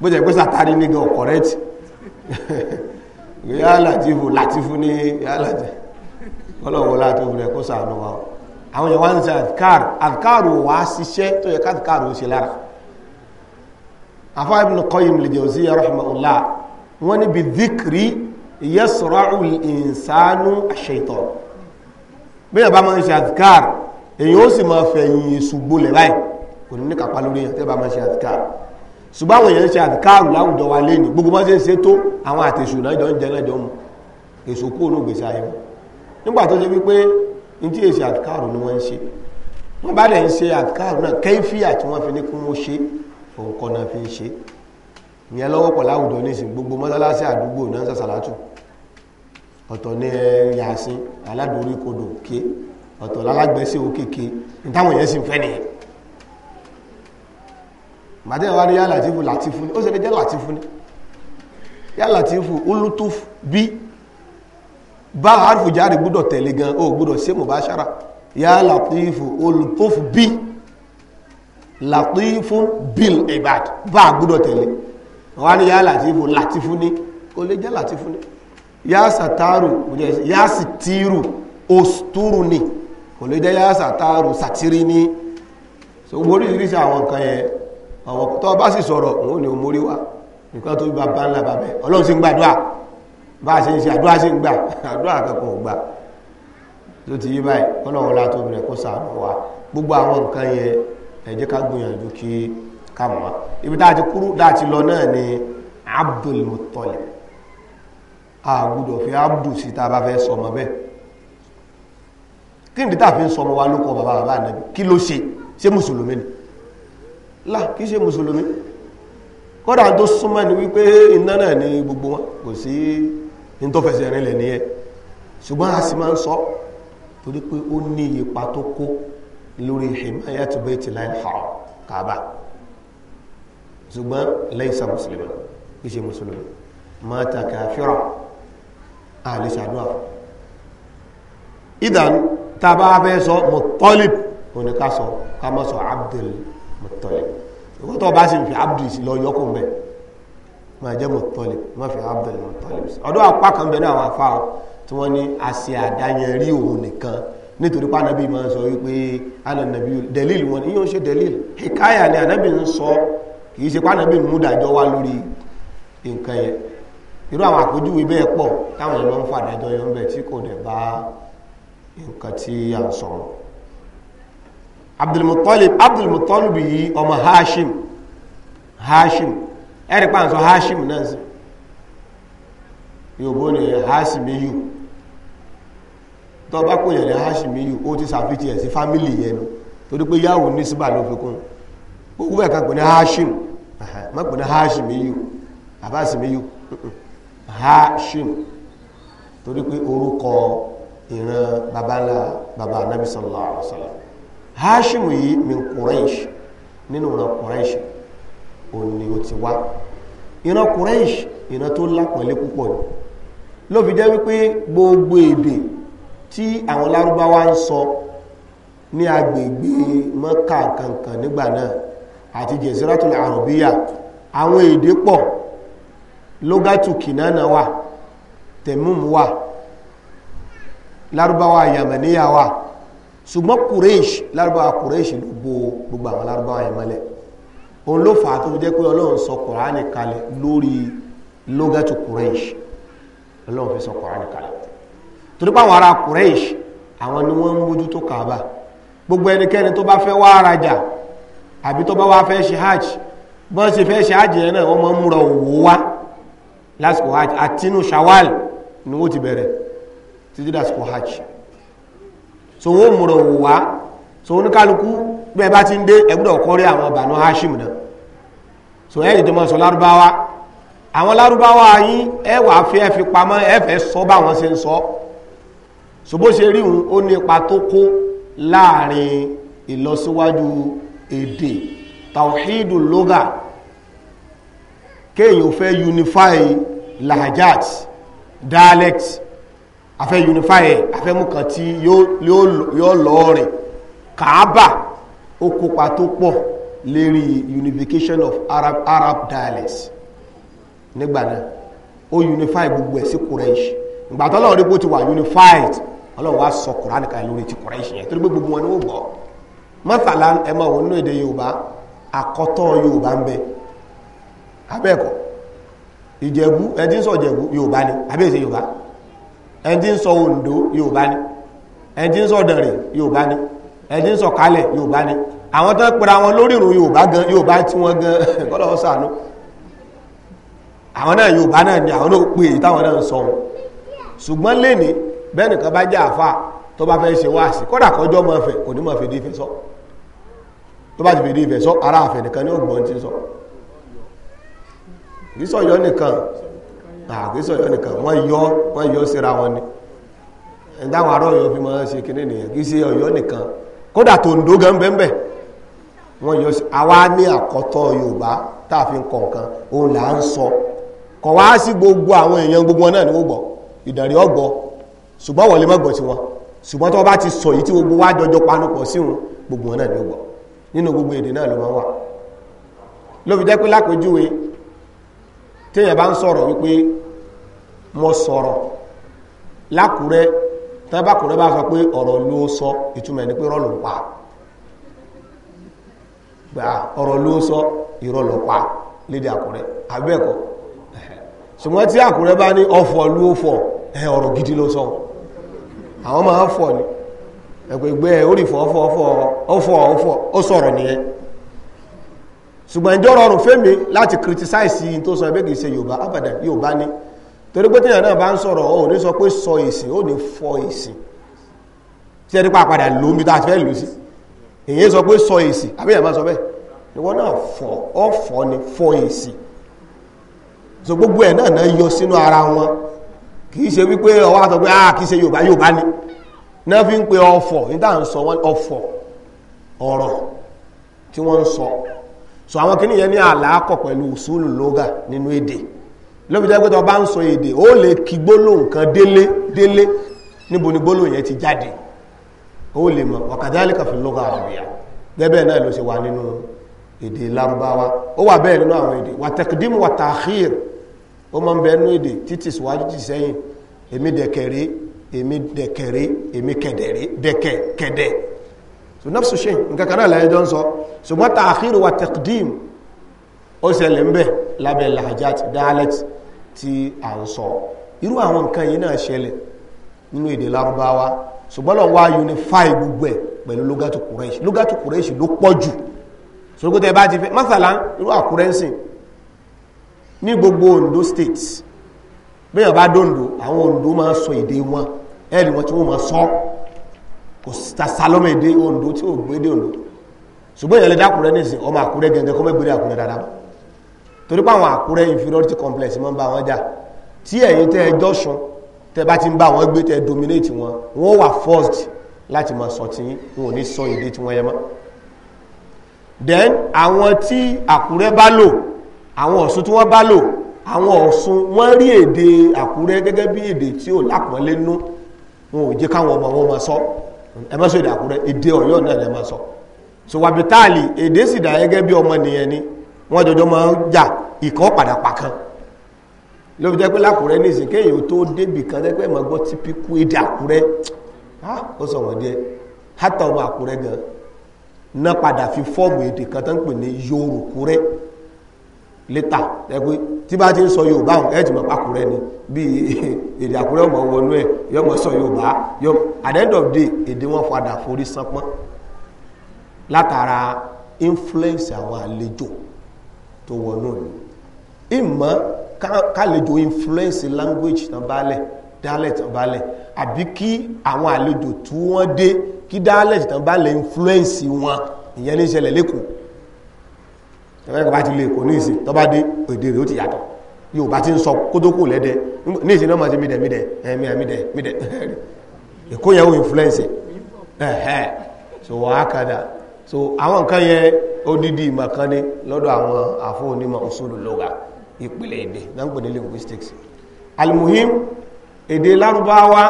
bó jẹ́ pé ni gan correct yá ni yá ọlọ́wọ́ láti rẹ̀ kó sàánú wa àwọn èèyàn wá ń ṣe àdìkáàrù àdìkáàrù wà á ṣiṣẹ́ tó yẹ káàdìkáàrù ó ṣe lára afáà ibn Qayyim al-Jawziyya rahimahullah wọ́n ní bí dhikri yasra'u al-insanu ash-shaytan bí yàrá bá máa ń ṣe àdìkáàrù èèyàn ó sì máa fẹ̀yìn èṣù gbolẹ̀ báyìí kò ní ní kápá lórí yẹn tẹ́ bá máa ṣe àdìkáàrù ṣùgbọ́n àwọn èèyàn ń ṣe àdìkáàrù nígbà tó ṣe wípé ní tí èsì àtikáàrù ni wọ́n ń ṣe wọ́n bá dẹ̀ ń ṣe àtikáàrù náà kẹ́fíà tí wọ́n fi ní kí wọ́n ṣe òun kọ́ náà fi ń ṣe ìyẹn lọ́wọ́ pọ̀ láwùjọ nísìn gbogbo mọ́sálásí àdúgbò náà ń sàṣàlátù ọ̀tọ̀ ní yasin aládùúrí kodò ké ọ̀tọ̀ lálágbẹ́sẹ̀ òkèké nítawọn yẹn sì ń fẹ́ nìyẹn màdé wa ni yá làtífù làtífù ni ó sì lè jẹ́ làtífù ni yá làtífù olùtúfù bí bá harfu járe gbúdọ̀ tẹ̀lé gan o gbúdọ̀ ṣe mubashara ya latifu olùtóf bí latifu bil ibad bá gbúdọ̀ tẹ̀lé wọ́n ni ya latifu latifu ní kò lè jẹ́ latifu ní ya sataru ya sitiru osturu ní kò lè jẹ́ ya sataru satiri ní so mórí ìrísí àwọn nǹkan yẹn àwọn tó bá sì sọ̀rọ̀ òun ni ò mórí wá nǹkan tó bá bá ńlá bàbẹ̀ ọlọ́run sì ń gbàdúrà bá a ṣe ń ṣe àdúrà ṣe ń gbà àdúrà kankan ò gbà tó ti yí báyìí kọ́lọ́wọ́ la tóbi rẹ̀ kó sàánú wa gbogbo àwọn nǹkan yẹn ẹ ká gbìyànjú kí ká mọ̀ ibi tá a ti kúrú dá a ti lọ náà ni Abdul Muttalib a gbúdọ̀ fi Abdul sí tá a bá fẹ́ sọmọ bẹ́ẹ̀ kí nìdí tá a fi ń sọmọ wa ló kọ bàbá bàbá ànábi kí ló ṣe ṣé mùsùlùmí ni là kí ṣe mùsùlùmí kódà tó súnmọ́ ni wípé iná náà ni gbogbo wọn kò sí. Si ní tó fẹsẹ̀ rìn lẹ̀ nìyẹn ṣùgbọ́n a sì máa ń sọ torí pé ó ní ipa tó kó lórí himayat baiti láì ha kaaba ṣùgbọ́n laysa mùsùlùmí kì í ṣe mùsùlùmí mata kafira àlè ṣàdúrà idan tàbá fẹ́ sọ muttalib òní ká sọ sọ abdul muttalib ìwọ́n bá sì ń fi abdul sí lọ yọkùn bẹ́ẹ̀ máa jẹ́ mọ̀tọ́lìb má fi abdul mọ̀tọ́lìb ọ̀dọ́ apá kan bẹ àwọn afá tí wọ́n ní àṣẹ àdáyẹnrí òun nìkan nítorí ma máa sọ wípé alànàbí dẹ̀lìl wọn ìyóò ṣe dẹ̀lìl ni anabi ń sọ kì ṣe pé anabi mú dájọ́ wá lórí nǹkan yẹn irú àwọn pọ̀ táwọn ń fàdájọ́ ń bẹ̀ tí kò dẹ̀ bá nǹkan tí ń abdulmutalib abdulmutalib yìí ọmọ hashim hashim ẹ̀rí pàǹsọ hashim náà sí yobo ni hashimiyu tọ́ bá kò yẹ̀ ní hashimiyu ti sàfitì ẹ̀ sí ya no nu torí pé yáwò ní síbà fi kún gbogbo ẹ̀ kan pè ní hashim má pè ní abasim abasimiyu hashim torí pé orúkọ ìran babalá baba anabi sallallahu alaihi wa hashim yi min Quraysh òun ni ó ti wá ìran Quraysh ìran tó lápọ̀lé púpọ̀ ni ló fi jẹ́ wípé gbogbo èdè tí àwọn lárúbáwá ń sọ ní agbègbè mọ́kà kankan nígbà náà àti jẹ̀síratul àrùbíyà àwọn èdè pọ̀ lógátù kìnánà wà tẹ̀mùmù wà lárúbáwá yàmàníyà wà ṣùgbọ́n Quraysh lárúbáwá Quraysh ló gbogbo àwọn lárúbáwá yàmàlẹ̀ òun ló fà á tó fi jẹ́ pé ọlọ́run sọ kùránì kalẹ̀ lórí lógẹ́tù kùrẹ́ṣ ọlọ́run fi sọ kùránì kalẹ̀ torí pàwọn ará àwọn ni wọ́n ń mójú tó kàábà gbogbo ẹnikẹ́ni tó bá fẹ́ wá arajà àbí tó bá wá fẹ́ ṣe hajj bọ́n ṣe fẹ́ ṣe hajj yẹn náà wọ́n máa ń múra òwò wá lásìkò hajj àtinú shawal ni wọ́n ti bẹ̀rẹ̀ títí hajj so wọ́n múra òwò wá so oníkálukú bí ẹ bá ti ń dé ẹ gbọ́dọ̀ kórè àwọn Banu Hashim náà so ẹ dìde mọ sọ lárúbáwá àwọn lárúbáwá yín ẹ wà á fi ẹ fi pamọ́ ẹ fẹ́ sọ báwọn ṣe ń sọ so bó ṣe rí ó ní ipa tó kó láàrin ìlọsíwájú èdè tawhidu loga kéèyàn fẹ́ unify lahajat dialect afẹ́ unify ẹ̀ afẹ́ mú kan tí yóò lọ́ọ̀rìn kàábà o kópa tó pọ̀ lérí unification of Arab, Arab dialects nígbà náà ó unify gbogbo ẹ̀ sí Quraysh ìgbà tó lọ́wọ́ rí bó ti wà unified sọ Qur'an kan lórí ti Quraysh yẹn torí gbogbo wọn ni ó gbọ́ mọ́tàlá ẹ máa wọn nínú èdè Yorùbá Yorùbá ń bẹ abẹ́ẹ̀kọ́ ìjẹ̀bú ń ẹ̀dín sọ̀kalẹ̀ yorùbá ni àwọn tó ń pera wọn lórí ìrùn yorùbá gan yorùbá tí wọ́n gan kọ́lọ́wọ́ sànú àwọn náà yorùbá náà ni àwọn náà pè é táwọn náà ń sọ wọn ṣùgbọ́n lẹ́ni bẹ́ẹ̀ nìkan bá jẹ́ àfa tó bá fẹ́ ṣe wáàsí kọ́dà kọjọ́ mọ́ fẹ́ kò ní mọ́ fèdí ìfẹ́ sọ tó bá ti fèdí ìfẹ́ sọ ara àfẹ́ nìkan ní ògbọ́n ti sọ kì nìkan kì nìkan wọ́n yọ wọ́n yọ síra wọn ni ẹ̀dáwọn ará ọ̀yọ́ fi máa ṣe kíní nìyẹn kì í ṣe ọ̀yọ́ nìkan kódà tó ń dó gan wọ́n yọ sí ní yorùbá a fi ń kọ̀ọ̀kan òun là ń sọ kọ̀ sí gbogbo àwọn èèyàn gbogbo náà ni ìdàrí ọgbọ́ ṣùgbọ́n wọ́n lè ti sọ yìí tí gbogbo wa jọjọ panupọ̀ sí wọn gbogbo náà gbogbo èdè náà ló máa wà jẹ́ pé bá ń sọ̀rọ̀ wípé mo sọ̀rọ̀ lákùrẹ́ tẹ́bàkùnrin bá sọ pé ọ̀rọ̀ ló sọ ìtumọ̀ ní pé rọ́ọ̀lù pa ọ̀rọ̀ ló sọ ìrọ̀lù pa lédè ṣùgbọ́n tí àkùrẹ́ bá ní ọ̀fọ̀ ló fọ̀ ẹ ọ̀rọ̀ gidi ló sọ àwọn máa fọ̀ ni ẹgbẹ̀gbẹ́ orífọ̀ ó sọ̀rọ̀ torí pé tíyàn náà bá ń sọ̀rọ̀ ó ní sọ pé sọ ìsìn ó ní fọ ìsìn tí ẹni pa padà lómi tá fẹ́ lù sí èyí sọ pé sọ ìsìn àbíyàn máa sọ bẹ́ẹ̀ ni wọ́n náà fọ ọ fọ ni fọ ìsìn so gbogbo ẹ̀ náà náà yọ sínú ara wọn kì ṣe wípé ọwọ́ àtọ́ pé ah kì í ṣe Yorùbá Yorùbá ni náà fi ń pe ọfọ̀ ní tá à ń sọ wọn ọfọ̀ ọ̀rọ̀ tí wọ́n ń usulu lóga nínú lóbi jẹ́ pé tó bá ń sọ èdè ó lè kí gbólóhùn kan délé délé níbo ni gbólóhùn yẹn ti jáde ó lè mọ̀ wakadhalika fil lugha arabiyya gẹ́gẹ́ náà ló ṣe wà nínú èdè lárúbáwá ó wà bẹ́ẹ̀ nínú àwọn èdè wa taqdim wa ta'khir ó máa ń bẹ nínú èdè títì síwájú títì sẹ́yìn èmi dẹ̀kẹ̀rẹ́ èmi dẹ̀kẹ̀rẹ́ èmi kẹ̀dẹ̀rẹ́ dẹ̀kẹ̀ kẹ̀dẹ̀ so nafsu shay nǹkan kan náà lẹ́yìn jọ ń sọ ṣùgbọ́n ta'khir lahajat dialect tí à ń sọ irú àwọn nǹkan yìí náà ṣẹlẹ̀ nínú èdè lárúbáwá ṣùgbọ́n lọ́n wá unify gbogbo ẹ̀ pẹ̀lú lugatu Quraysh lugatu Quraysh ló pọ̀ jù sọ́kútẹ́ bá ti fẹ́ masalan irú àkúrẹ́sìn ní gbogbo Ondo state bẹ́ẹ̀ bá dòndò àwọn Ondo máa sọ èdè wọn ẹ̀rì wọn tí wọ́n máa sọ kò sàlọ́mọ̀ èdè Ondo tí ò gbé dé Ondo ṣùgbọ́n ìyẹn lè dákùrẹ́ nìsín ọmọ àkúrẹ́ gẹ́gẹ́ kọ́mẹ́gbèrè àkúrẹ́ dáadáa torí pé àwọn àkúrẹ́ inferiority complex máa ń bá wọn jà tí ẹ̀yin tẹ́ ẹjọ́ sun tẹ́ bá ti ń bá wọn gbé tẹ́ dominate wọn wọ́n wà forced láti máa sọ tí wọn ò ní sọ èdè tí wọ́n yẹ mọ́ then àwọn tí àkúrẹ́ bá lò àwọn ọ̀ṣun tí wọ́n bá lò àwọn ọ̀ṣun wọ́n rí èdè àkúrẹ́ gẹ́gẹ́ bí èdè tí ò lápọ̀nlé nú wọn ò jẹ́ káwọn ọmọ wọn máa sọ ẹ má sọ èdè àkúrẹ́ èdè ọ̀yọ́ náà lẹ́ máa sọ so wàbítàlì èdè sì dà gẹ́gẹ́ bí ọmọ nìyẹn ni wọ́n jọjọ́ máa ń jà ìkan padà pàkan ló fi jẹ́ pé lákùrẹ́ ní ìsìn kéèyàn tó débì kan jẹ́ pé mọ̀ gbọ́ ti pí kú èdè àkúrẹ́ ó sọ wọ́n díẹ̀ hátà ọmọ àkúrẹ́ gan náà padà fi fọ́ọ̀mù èdè kan tó ń pè ní yorùkúrẹ́ lẹ́tà ẹgbẹ́ tí bá ti ń sọ yorùbá ọ̀hún ẹ̀jì mọ̀ pàkúrẹ́ ni bí èdè àkúrẹ́ ọmọ wọnú ẹ̀ yọ mọ̀ sọ yorùbá yọ at the end of day èdè wọn padà forí sánpọ́n látara influence àwọn àlejò tó wọnú rẹ̀ ìmọ̀ kálejò influence language tán bálẹ̀ dialect tán bálẹ̀ àbí kí àwọn àlejò tí wọ́n dé kí dialect tán bálẹ̀ influence wọn ìyẹn ní ìṣẹ̀lẹ̀ lẹ́kọ̀ọ́ ẹ̀fẹ́ bá ti lè kò ní ìsìn tó bá dé èdè rẹ̀ ó ti yàtọ̀ yóò bá ti ń sọ kótókò lẹ́dẹ̀ ní ìsìn náà máa ṣe mídẹ̀ mídẹ̀ influence so wàá so àwọn nǹkan yẹn odidi ìmọ̀kan ni lọ́dọ̀ àwọn àfọ́ onímọ̀ usulu lugha ìpìlẹ̀ èdè náà ń ní linguistics almuhim èdè lárúbáwá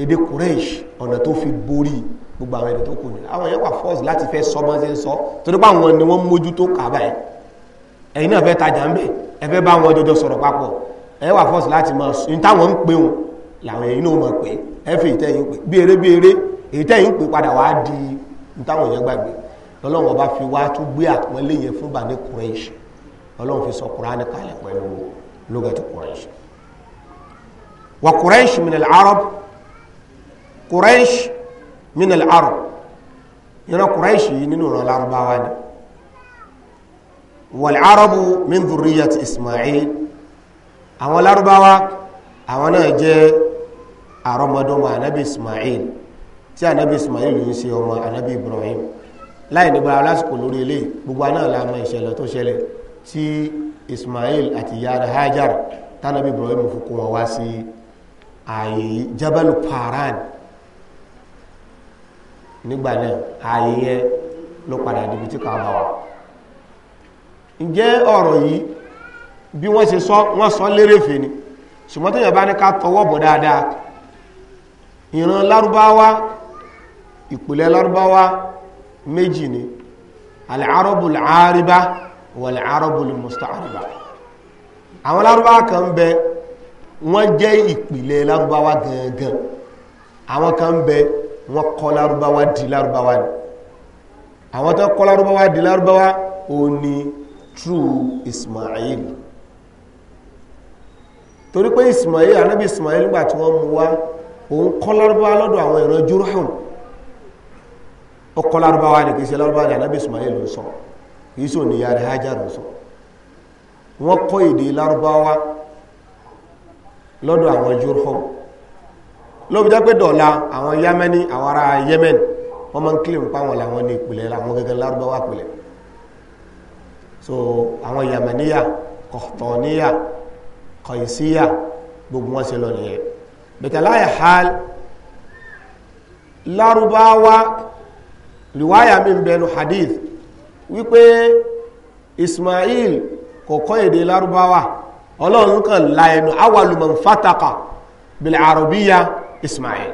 èdè kureish ọ̀nà tó fi borí gbogbo àwọn èdè tó kù ní àwọn yẹn wà force láti fẹ́ sọ bọ́n ṣe ń sọ torí pé àwọn ni wọ́n mójú tó kà báyìí ẹ̀yin náà fẹ́ tajà ń bẹ̀ ẹ fẹ́ bá wà force di táwọn èèyàn gbàgbé lọ́lọ́run ọba fi wá tún gbé àpọ́nlé yẹn fún Bani Quraysh lọ́lọ́run fi sọ Kùránì kalẹ̀ pẹ̀lú lugati Quraysh wa Quraysh min al-Arab Quraysh min al-Arab ìran Quraysh yìí nínú ìran Lárúbáwá ni wal-Arabu min dhurriyyati Ismail àwọn Lárúbáwá àwọn náà jẹ́ àrọ́mọdọ́mọ Ànábì Ismail tí anabi ismail ń ṣe ọmọ anabi ibrahim láì nígbà lásìkò lórí ilé gbogbo aná la mọ ìṣẹ̀lẹ̀ tó ṣẹlẹ̀ tí ismail àti yàrá hajar tánàbí ibrahim fi kó wọn wá sí ààyè jabalu paran nígbà náà ààyè yẹn ló padà débi tí kàá bá wa ǹjẹ́ ọ̀rọ̀ yìí bí wọ́n ṣe sọ wọ́n sọ lérèfé ni ṣùgbọ́n tó yàn bá ní ká tọwọ́ bọ̀ dáadáa ìran lárúbáwá ìpìlẹ̀ lárúbáwá méjì ni al-arabul ariba wal-arabul musta'ariba àwọn lárúbáwá kan bẹ wọ́n jẹ́ ìpìlẹ̀ lárúbáwá gangan àwọn kan bẹ wọ́n kọ́ lárúbáwá di lárúbáwá ni àwọn tó kọ́ lárúbáwá di lárúbáwá ó ní true Ismail torí pé Ismail anábì Ismail nígbà tí wọ́n mú wá òun kọ́ lárúbáwá lọ́dọ̀ àwọn ìran jùrọ̀hùn ó kọ́ lárúbáwá ni kì í ṣe lárúbáwá ni anábì ismail ń sọ kì í ṣe òníyà rẹ̀ hajar ń sọ wọ́n kọ́ èdè lárúbáwá lọ́dọ̀ àwọn jurhum lóbi jẹ́ pé dọ̀la àwọn yamani àwọn ará yemen wọ́n máa ń kílè nípa àwọn làwọn ní ìpìlẹ̀ làwọn gẹ́gẹ́ lárúbáwá pìlẹ̀ so àwọn yamaniya kọ̀tọ̀niya kọ̀ìsíyà gbogbo wọn ṣe lọ nìyẹn bẹ̀tẹ̀ láyé hal lárúbáwá riwaya mi ń bẹnu hadith Ismail kò kọ́ èdè Lárúbáwá ọlọ́run kan la awalùmọ̀n fataka bìlẹ̀ àròbíyà Ismail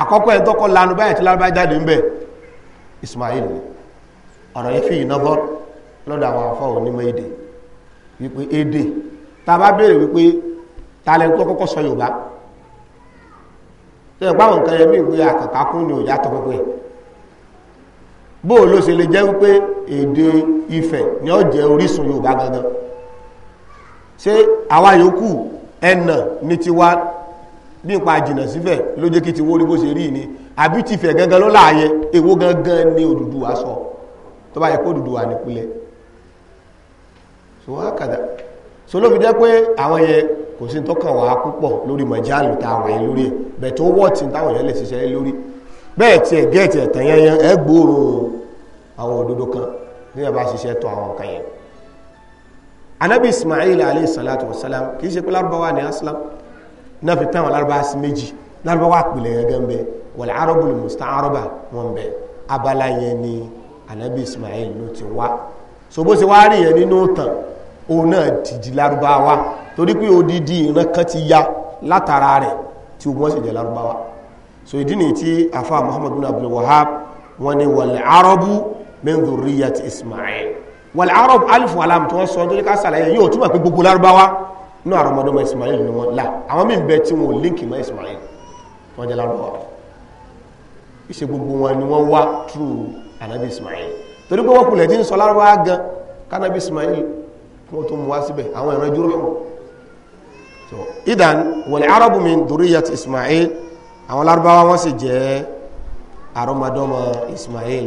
àkọ́kọ́ ẹ̀ tọ́kọ́ lanu báyìí tí Lárúbáwá jáde ń bẹ̀ Ismail ọ̀rọ̀ yìí fi ìnáwó lọ́dọ̀ àwọn afọ́ onímọ̀ èdè wípé èdè tá bá béèrè wípé tó kọ́kọ́ sọ Yorùbá nǹkan yẹn ìwé bóò ló ṣe lè jẹ́ wípé èdè Ifẹ̀ ni ó jẹ́ orísun Yorùbá gangan ṣé àwa yòókù ẹnà ní tiwa bí n pa jìnà sífẹ̀ ló jẹ́ kí ti wó rí bó ṣe rí ni àbí ti fẹ̀ gangan ló láàyè èwo gangan ni Odùduwà sọ tó bá yẹ kó Odùduwà nípìnlẹ̀ so wọ́n á kàdà so ló fi jẹ́ pé àwọn yẹn kò sí tó kàn wá púpọ̀ lórí mọ̀jálù táwọn yẹn lórí ẹ̀ bẹ̀ tó wọ́ọ̀tì táwọn yẹn lè ṣiṣẹ́ lórí bẹ́ẹ̀ tiẹ̀ gẹ́ẹ̀tì ẹ̀tàn yẹnyẹn ẹ gbóòórùn àwọn òdodo kan ní ẹ̀ bá ṣiṣẹ́ tó àwọn kan yẹn anabi ismail alayhi salatu wasalam kì í ṣe pé lárúbáwá ni aslam náà fi tán àwọn sí méjì lárúbáwá àpìlẹ̀ gẹ́gẹ́ ń bẹ wal arabul musta'araba wọn bẹ abala yẹn ni anabi ismail ló ti wá so bó ṣe wá rí yẹn nínú tàn òun náà dìdì lárúbáwá torí pé odidi ìran kan ti ya látara rẹ̀ tí wọ́n sì jẹ́ lárúbáwá so ìdí ni tí afa muhammad bin abdul wahab wọn ni wàlẹ̀ arabu min dhurriyyati ismail wàlẹ̀ arab alifu alam tí wọ́n sọ tó ní ká sàlàyé yóò túmọ̀ pé gbogbo lárúbáwá náà àrọmọdọ́mọ ismail ni wọ́n la àwọn míì bẹ tí wọn ò líǹkì mọ́ ismail wọ́n jẹ́ lárúbáwá ìṣe gbogbo wọn ni wọ́n wá tru anabi ismail torí pé wọ́n kulẹ̀ tí ń sọ lárúbáwá gan kánabi ismail wọ́n tó mú wá síbẹ̀ àwọn ìran jùlọ so idan wàlẹ̀ arabu min dhurriyyati ismail àwọn lárúbáwá wọ́n sì jẹ́ àrọ́mọdọ́mọ ismail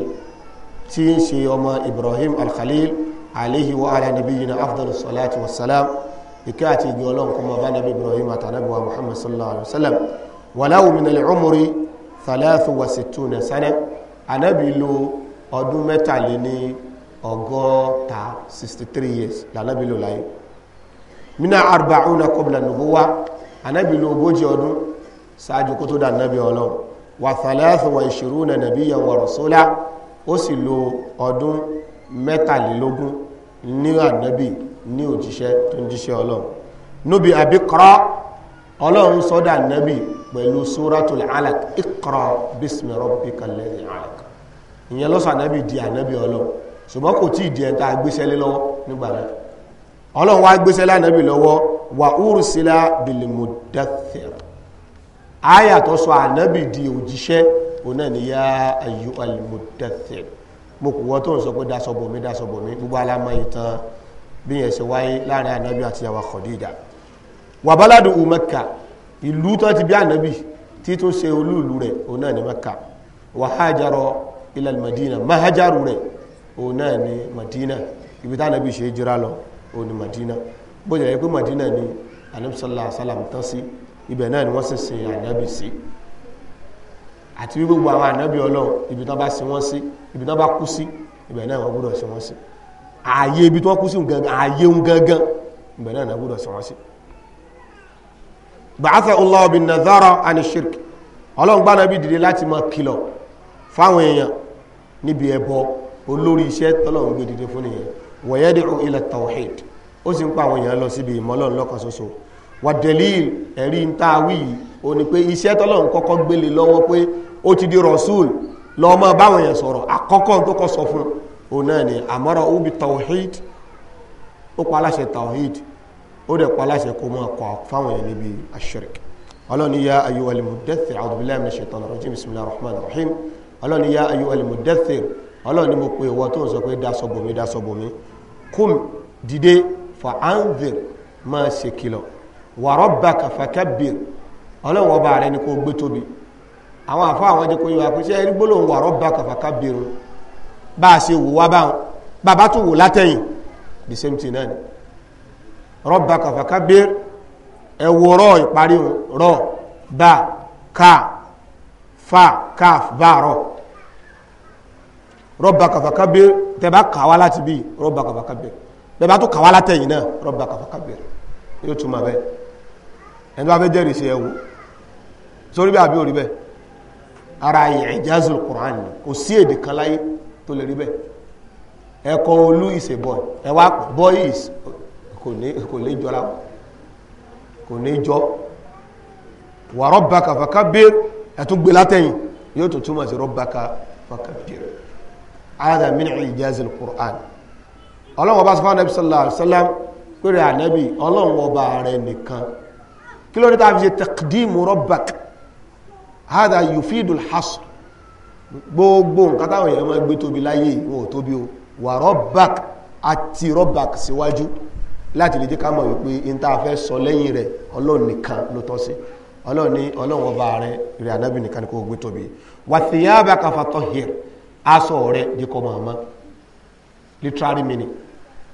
tí ń ṣe ọmọ ibrahim alkhalil alayhi wa ala nabiyina afdal salatu wa salam ìkẹ́ àti ìgbẹ́ ọlọ́run kọmọ bá nabi ibrahim àtànàbíwa muhammad sallallahu alayhi wa sallam walahu min al-umri thalathu wa sittuna sana anabi lo ọdún mẹ́tàléní ọgọ́ta 63 years lànàbí lo láyé mina arba'una qabla nubuwa anabi lo ogójì ọdún ṣáájú kó tó dà nàbí ọlọ́run wà thalathu wa ishiruna nabiyyan wa rasula ó sì lo ọdún mẹ́tàlélógún ní ànábì ní òjíṣẹ́ tó ń jíṣẹ́ ọlọ́run níbi àbíkọ́rọ́ ọlọ́run sọ́dà nàbí pẹ̀lú suratul alaq iqra bismi rabbikal ladhi alaq ìyẹn lọ́sọ̀ ànábì di ànábì ọlọ́run ṣùgbọ́n kò tí ì di wa ursila bil mudaththir aya tó sọ ànábì di òjíṣẹ́ ọ̀nà ni ya ayu al-mudaththir mo kò wọ́n tó ń sọ pé dasọ̀bọ̀ mi dasọ̀bọ̀ mi gbogbo alámọ̀ ìtàn bí yẹn ṣe wáyé láàrin ànábì àti yàwá Khadija wà báládù Mẹ́kà ìlú tó ti bí ànábì tí tó ṣe olú ìlú rẹ̀ ni Mẹ́kà wà hájarọ ilẹ̀ Madina mahajaru rẹ̀ ọ̀nà ni Madina ibi tí ànábì ṣe jira lọ ọ̀nà Madina bó jẹ́ pé Madina ni ànábì sallallahu alaihi wasallam tán sí ibẹ̀ náà ni wọ́n sì sin ànábì sí àti wí gbogbo àwọn ànábì ọlọ́run ibi tán bá sin wọ́n sí ibi tán bá kú sí ibẹ̀ náà wọ́n gbúdọ̀ sin wọ́n sí ààyè ibi tán kú sí ààyè ń gangan ibẹ̀ náà wọ́n gbúdọ̀ sin wọ́n sí. shirk ọlọ́run gbá nàbí dìde láti máa kìlọ̀ fáwọn èèyàn níbi olórí iṣẹ́ tọ́lọ́run gbé dìde fún nìyẹn ó sì ń pa àwọn èèyàn lọ wàdẹ̀lìl ẹ̀rí ń tàwí yìí o ní pé iṣẹ́ tọ́lọ́run kọ́kọ́ gbélé lọ́wọ́ pé ó ti di rọ̀súl lọ́mọ báwọn yẹn sọ̀rọ̀ àkọ́kọ́ tó kọ́ sọ fún òun náà ni àmọ́ra ó bi tawhid ó pa aláṣẹ tawhid ó dẹ̀ pa aláṣẹ kó máa kọ́ fáwọn yẹn níbi ashirik ọlọ́ni ya ayyuhal mudaththir a'udhu billahi minash shaitanir rajim bismillahir rahmanir rahim ọlọ́ni ya ayyuhal mudaththir mo pe ìwọ tó ń sọ pé dasọ̀bọ̀mí dasọ̀bọ̀mí kum dìde fa anzir máa ṣe kìlọ̀ wa rabbaka fakabbir ọlọ́run ọba rẹ ni kò gbé tóbi àwọn àfọ àwọn jẹ́ kó yọ àpèsè ẹni gbólóhùn wa rabbaka bá a ṣe wò wá báwọn bàbá tún wò látẹ̀yìn the same thing náà ni rabbaka fakabbir ẹ̀wò rọ ìparí rọ bá ká fa káf bá rọ rabbaka fakabbir tẹ́bá kàwá láti bí rabbaka fakabbir tẹ́bá tún kàwá látẹ̀yìn náà rabbaka fakabbir yóò túmọ̀ bẹ́ẹ̀ ẹni bá fẹ́ jẹ́rìí sí ẹwọ sórí bẹ́ẹ̀ àbí orí bẹ́ẹ̀ ara ìjáàzù Qur'an ni kò sí èdè kan láyé tó lè rí bẹ́ẹ̀ ẹkọ olú is a boy ẹwà boy is kò ní jọra kò ní jọ wà rabbaka fakabbir ẹ̀tún gbé látẹ̀yìn yóò tó túmọ̀ sí rabbaka fakabbir hada min ìjáàzù ọlọ́wọ́ bá sọ fún anabi sallallahu alayhi wa ọlọ́wọ́ bá rẹ̀ nìkan kí ló ní tàbí ṣe taqdimu rabbak hada yufidul hasr gbogbo nǹkan táwọn èèyàn máa gbé tóbi láyé wọn ò tóbi o wà rabbak àti rabbak síwájú láti lè jẹ́ ká mọ̀ wípé in tá a fẹ́ sọ lẹ́yìn rẹ̀ ọlọ́run nìkan ló tọ́ sí ọlọ́run ní ọlọ́run ọba rẹ̀ rẹ̀ anábì nìkan kó gbé tóbi wa thiyabaka fatahhir aṣọ rẹ̀ díkọ̀ mọ̀ọ́mọ́ literary meaning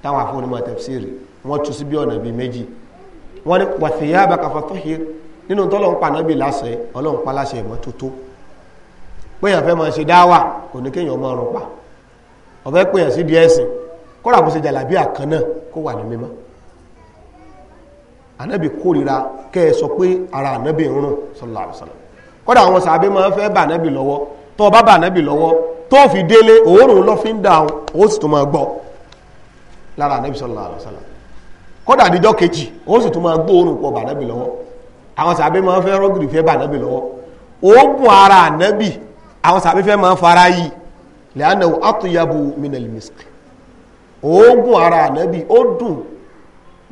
táwọn afọ́nimọ̀ tafsiri wọ́n tún sí bí ọ̀nà bíi méjì wọ́n ní wàtíyá àbákàfà tó hìí nínú tọ́lọ̀ ń pa náà bí láṣẹ ọlọ́run pa láṣẹ ìmọ́tótó péyàn fẹ́ máa ṣe dáwà kò ní kéèyàn máa rùn pa ọ̀fẹ́ péyàn sí díẹ̀ sìn kọ́ra bó ṣe jàlàbí àkan náà kó wà ní mímọ́ ànábì kórìíra kẹ́ ẹ sọ pé ara ànábì ń rùn sallallahu alaihi wasallam kọ́ra àwọn sàbẹ́ máa fẹ́ bà ànábì lọ́wọ́ tó o bá bà ànábì lọ́wọ́ tó fi délé òórùn lọ́fíńdà ó sì tún máa gbọ́ lára ànábì sallallahu alaihi wasallam kódà àdíjọ́ kejì ó sì tún máa gbóòórùn pọ̀ bànábì lọ́wọ́ àwọn sàbẹ́ máa ń fẹ́ rọ́gìrì fẹ́ bànábì lọ́wọ́ oògùn ara ànábì àwọn sàbẹ́ fẹ́ máa ń fara yìí lẹ́yìn àwọn àtúnyàbò minel misk oògùn ara ànábì ó dùn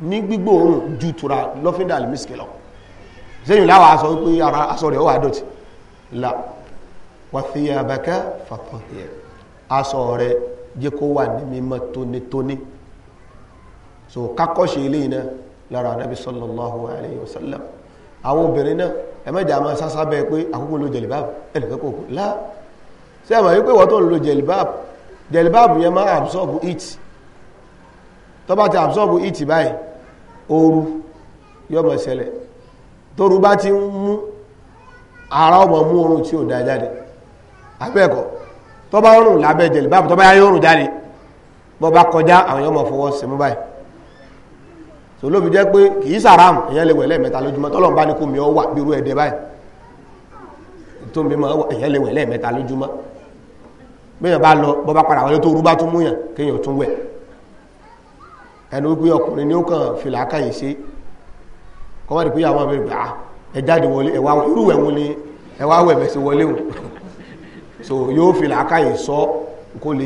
ní gbígbóòórùn ju tura lọ́fíńdà misk lọ sẹ́yìn láwọn aṣọ pé ara aṣọ rẹ̀ ó wà dọ̀tí la wàfíyàbàkà fàtọ̀hìyà aṣọ rẹ̀ jẹ́ kó wà ní mímọ́ tónítóní so kakọ́ṣe eléyìí náà lára anábì sallallahu alayhi wa sallam àwọn obìnrin náà ẹ má jà máa sásá bẹ́ẹ̀ pé àkókò ló jẹ̀lìbáàbù ẹnìkan kò lá sí àmà wípé wọ́n tó ń lo jẹ̀lìbáàbù jẹ̀lìbáàbù yẹn máa absorb heat tó bá ti absorb heat báyìí ooru yóò máa ṣẹlẹ̀ tóru bá ti ń mú ara ọmọ mú oorun tí ò dá jáde abẹ́ẹ̀kọ́ tó bá lábẹ́ jẹ̀lìbáàbù tó bá yá yóò jáde bọ́ kọjá àwọn yóò fọwọ́ sí mú báyìí so lóbi jẹ́ pé kìí sàràmù èyàn lè wẹ̀ lẹ́ẹ̀mẹ́ta lójúmọ́ tọ́lọ́n bá ní kó mi ọ wà bí irú ẹ̀dẹ̀ báyìí tó mi mọ́ èyàn lè wẹ̀ lẹ́ẹ̀mẹ́ta lójúmọ́ bẹ́yàn bá lọ bọ́ bá padà wọlé tó rúbá tún múyàn kéèyàn tún wẹ̀ ẹnu wípé ọkùnrin ni ó kàn fìlà káyè sí kọ́mọ́ ní pé àwọn ọmọ ìgbà ẹ jáde wọlé ẹwà irú ẹ̀ wọn ni ẹwà wẹ̀ so yóò fìlà káyè sọ kó lè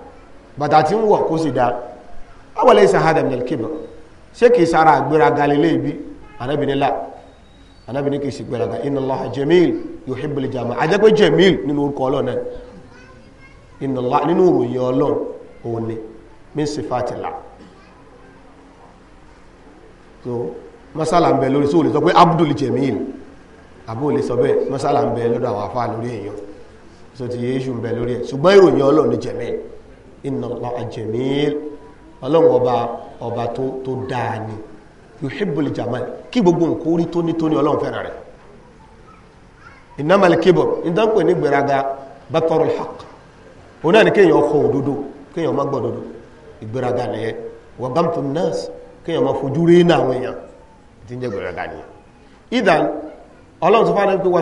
bàtà tí ń wọ̀ kó sì dá awọlẹ̀ ìsàhádà minal kibr ṣé kìí sára àgbéraga lélẹ̀ ibi anábìnilá anábìní kìí sì gbéraga inna Allaha jamil yuhibbul jamal ajẹ́ pé jamil nínú orúkọ ọlọ́run náà inna Allah nínú ìròyìn ọlọ́run òun ni min sifatillah so masala ń bẹ lórí sí olè sọ pé abdul jamil àbó olè sọ bẹ́ẹ̀ masala ń ti yéésù ń bẹ lórí ẹ̀ ṣùgbọ́n ìròyìn ọlọ́run ni jamil inna Allaha jamil ọlọ́run ọba ọba tó dáa ni yuhibbul jamal kí gbogbo nǹkan orí tónítóní ọlọ́run fẹ́ràn rẹ̀ innamal kibr ìdánpè ní gbéraga batarul haqq òun náà ni kéèyàn ọkọ̀ òdodo kéèyàn má gbọ́dodo ìgbéraga nìyẹn wa gamtun nas kéèyàn má fojú rí náà àwọn èèyàn ti ń jẹ́ gbéraga nìyẹn ìdán ọlọ́run tó fánà pé wa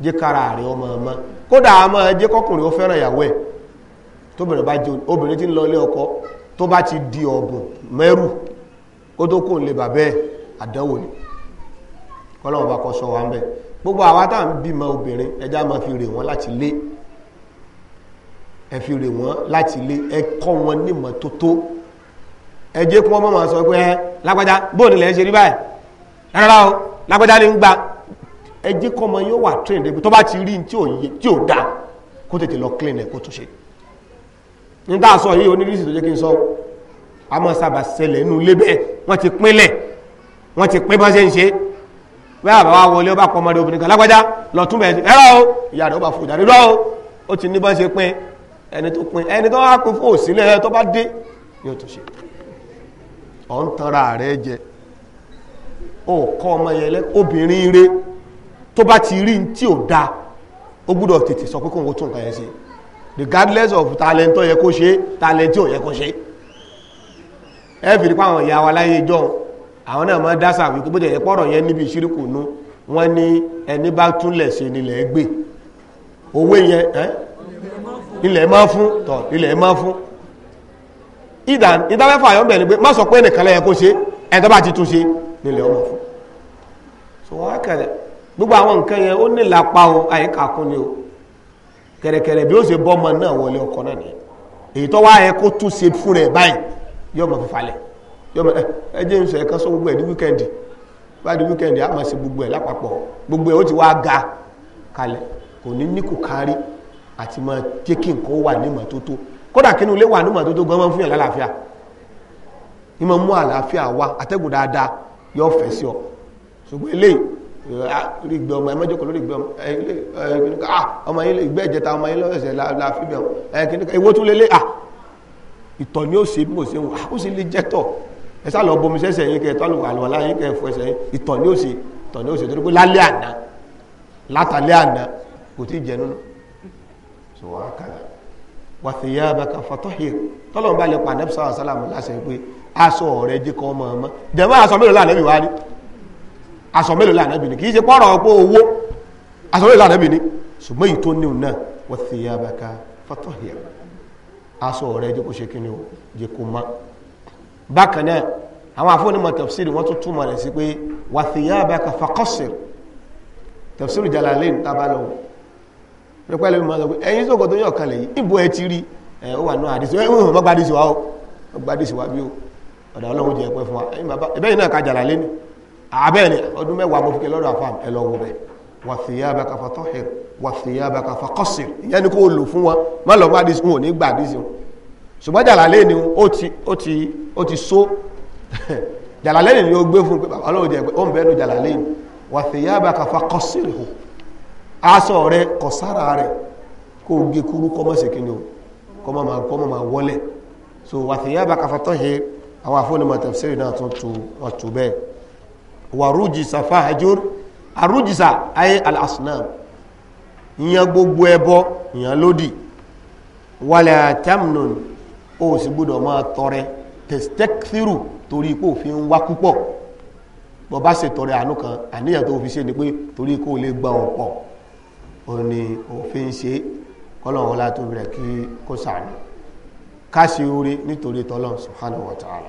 jẹ́ kára rẹ̀ ọmọ ọmọ kódà a máa jẹ́ kọkùnrin ó fẹ́ràn ìyàwó ẹ̀ tóbìnrin bá jẹun obìnrin tí ń lọ ilé ọkọ tó bá ti di ọ̀bùn mẹ́rù kó tó kò lè bàbẹ́ àdánwò ni kọ́lọ́wọ́ bá kọ́ sọ wa ń bẹ̀ gbogbo àwa tá à ń bímọ obìnrin ẹjá máa fi rè wọ́n láti lé ẹ fi rè wọ́n láti lé ẹ kọ́ wọn nímọ̀ tó tó ẹ jẹ́ kí wọ́n mọ̀ sọ pé ẹ lágbájá bóòdì lẹ́ ṣe rí báyìí rárá o lágbájá ni ń gba ẹjẹ́ kọ́mọ yóò wà train débi tó bá ti rí tí ò dá kó tètè lọ clean ẹ̀ kó tún ṣe ní tá a sọ yìí onírísì tó jẹ́ kí n sọ a máa sábà ṣẹlẹ̀ inú ilé bẹ́ẹ̀ wọ́n ti pínlẹ̀ wọ́n ti pín bá ṣe ń ṣe bẹ́ẹ̀ àbá wa wọlé ó bá pọmọdé obìnrin kan lágbájá lọ tún bẹ̀rẹ̀ ẹ̀rọ o ìyá rẹ̀ ó bá fò jáde lọ́wọ́ ó ti ní bá ṣe pín ẹni tó pín ẹni tó wá pín fún òsínlẹ̀ tó bá dé yóò tún ṣe ọ̀ ń tanra rẹ̀ jẹ ó kọ́ ọmọ yẹn obìnrin rẹ̀ tó bá ti rí tí ò dáa ó gbúdọ̀ tètè sọ pé kóun ó nǹkan yẹn ṣe regardless of talent tó yẹ kó ṣe talent tí ò yẹ kó ṣe ẹ fìdí pa àwọn ìyá wa láyé jọ àwọn náà máa dásà wípé bó jẹ yẹ pọ̀rọ̀ yẹn níbi ìṣíríkù nú wọ́n ní ẹni bá túnlẹ̀ ṣe nílẹ̀ gbé owó yẹn ẹ́ ilẹ̀ máa fún tọ̀ ilẹ̀ máa fún ìdán ìdámẹ́fà àyọ́bẹ̀ ni pé má sọ pé ẹnìkan lẹ́yẹ kó ṣe ẹ̀ tó bá ti tún ṣe nílẹ̀ ọmọ fún so wọ́n kẹ̀lẹ̀ gbogbo àwọn nǹkan yẹn ó ní lápá o àyíká kún ni o kẹ̀rẹ̀kẹ̀rẹ̀ bí ó ṣe bọ́ ọmọ náà wọlé ọkọ náà nìyẹn èyí tó wáyé kó tún ṣe fún rẹ báyìí yóò mọ̀ fífalẹ̀ yóò eh, ẹ ẹjẹ́ ń sọ ẹ̀kan sọ gbogbo ẹ̀ ní bá di á máa ṣe gbogbo lápapọ̀ gbogbo ó ti wá ga kalẹ̀ kò ní kárí àti máa jẹ́ kí nǹkan wà ní kódà kí ni ilé wà ní gan máa fún lálàáfíà rí gbé ọmọ ẹmẹ́jọ kò lórí gbé ọmọ ah, ọmọ yìí gbé ìjẹta ọmọ yìí lọ́sẹ̀ láàfin bẹ̀rù ẹ̀kíní ewó tún lélẹ̀ à ah, ìtọ̀ ni ó ṣe bí mo ṣe ń wà ó sì lè jẹ́tọ̀ ẹ sá lọ bomi sẹ́sẹ̀ yín kẹ ẹ tọ́lù àlùwàlá yín kẹ ẹ fọ ẹsẹ̀ yín ìtọ̀ ni ó ṣe ìtọ̀ ni ó ṣe torí pé lálẹ́ àná látàlẹ́ àná kò tí ì jẹ nínú so wà á kàlà wà fi yá abẹ́ka fatọ́hìr tọ́lọ́mùbá lè pa nẹ́bùsọ̀ àṣálàmù láṣẹ pé aṣọ ọ̀rẹ́ jẹ́ kọ́ ọmọ ọmọ jẹ̀mọ́ aṣọ mélòó láàrin ìwádìí aṣọ mélòó lànà bìíní kì í ṣe pọ́rọ̀ pé owó aṣọ mélòó lànà bìíní ṣùgbọ́n èyí tó níhùn náà wọ́n ti yá bàkà fatọ́hìá aṣọ rẹ̀ jẹ́ kó ṣe kí ni o jẹ́ kó má bákan náà àwọn afọ́nimọ̀ tafsir wọ́n tún túmọ̀ rẹ̀ sí pé wà ti yá bàkà fakọ́sir tafsir Jalalayn tábàlọ́ nípa ẹlẹ́mi máa sọ pé ẹ̀yin tó yàn àbẹ́ẹ̀ni ọdún mẹ́wàá mo fi kẹ́ lọ́dọ̀ àfàm ẹ lọ́wọ́ bẹ́ẹ̀ wà sí yá bá kafa tọ́hìr wà sí yá bá kafa kọ́sìr ìyẹn ni kò lò fún wọn má lọ́ bá dí sí wọn ní gbà dí sí wọn ṣùgbọ́n jàlálẹ́ ni ó ti ó ti ó ti só jàlálẹ́ ni ó gbé fún bàbá ọlọ́run ó ń so wà sí yá bá kafa tọ́hìr bẹ́ẹ̀ wàrújìsà fàájúr àrújìsà ayé al'asnam ìyàn gbogbo ẹbọ ìyàn lódì wàlẹ̀ tamnun ó sì gbọ́dọ̀ máa tọrẹ tẹ̀stẹ́kìrù torí ipò fi ń wá púpọ̀ bọ́ bá ṣe tọrẹ àánú kan àníyàn tó fi ṣe ni pé torí kó lè gba ọ̀pọ̀ ò ní òfin ṣe kọ́lọ̀wọ́n látó rẹ̀ kí kó sàánú káṣe orí nítorí tọ́lọ̀ subhanahu wa ta'ala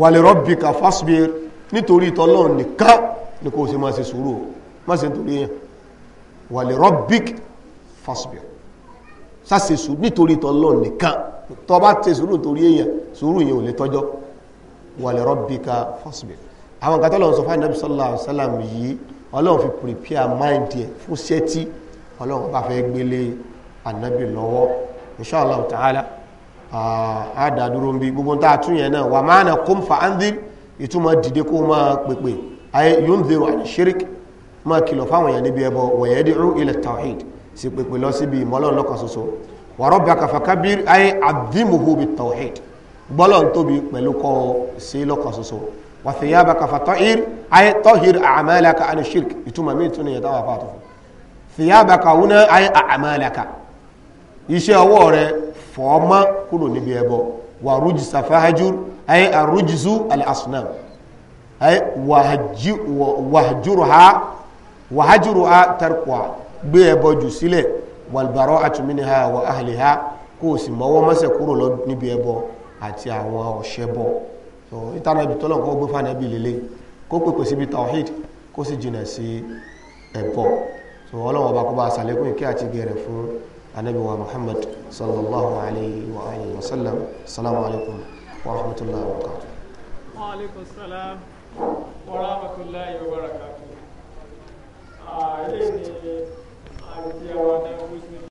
wàlẹ̀ rabbika fasbir nítorí ìtọ́lọ́run nìkan ní kò sí máa ṣe sùúrù má ṣe nítorí èèyàn wà lè rọ́bík fásbíọ̀ sáṣe sùúrù nítorí ìtọ́lọ́run nìkan tó bá ṣe sùúrù nítorí èèyàn sùúrù yẹn ò lè tọ́jọ́ wà lè rọ́bíkà fásbíọ̀ àwọn nǹkan tọ́lọ́run sọ fáìnàbí sallallahu alaihi wasallam yìí ọlọ́run fi prepare mind ẹ̀ fún sẹ́tí ọlọ́run bá fẹ́ gbélé ànábì lọ́wọ́ inshallah ta'ala àádàdúró ń bí gbogbo tá a tún náà wà máa nà kún fa anzir ìtumọ̀ dìde kó máa pèpè ayé yóò ń dèrò àti ṣíríkì máa kìlọ̀ fáwọn èèyàn níbi ẹbọ wọ̀yẹ́dìrú ila tawhid sí pèpè lọ síbi ìmọ́lọ́n lọ́kan ṣoṣo wa rabbaka fakabir ayé adhimuhu bit tawhid gbọ́lọ̀ ń tóbi pẹ̀lú kọ́ sí lọ́kan ṣoṣo wa thiyabaka fatahir ayé tahir a'malaka ani ṣíríkì ìtumọ̀ mi tún nìyẹn táwọn afáàtọ̀ fún thiyabaka wúná ayé a'malaka iṣẹ́ ọwọ́ rẹ̀ fọ́ kúrò níbi ẹbọ wà rújì sàfáhájú ay arujzu al asnam ay wahji wahjuruha wahjuruha tarkuha gbé ẹbọ jù sílẹ̀ wal bara'atu minha wa ahliha kó o sì mọ́wọ́ mọ́sẹ̀ kúrò lọ níbi ẹbọ àti àwọn ọ̀ṣẹbọ so ìtànà ibi tọ́lọ̀ kó gbé fànàbí lélẹ̀ kó pèpè síbi tawhid kó sì jìnà sí ẹbọ so ọlọ́wọ́ bá kó bá sàlékún ìkẹ́ àti gẹ̀rẹ̀ fún anabi wa muhammad sallallahu alayhi wa alihi wa sallam assalamu alaikum ورحمة الله وبركاته وعليكم السلام ورحمة الله وبركاته آه، آه، آه،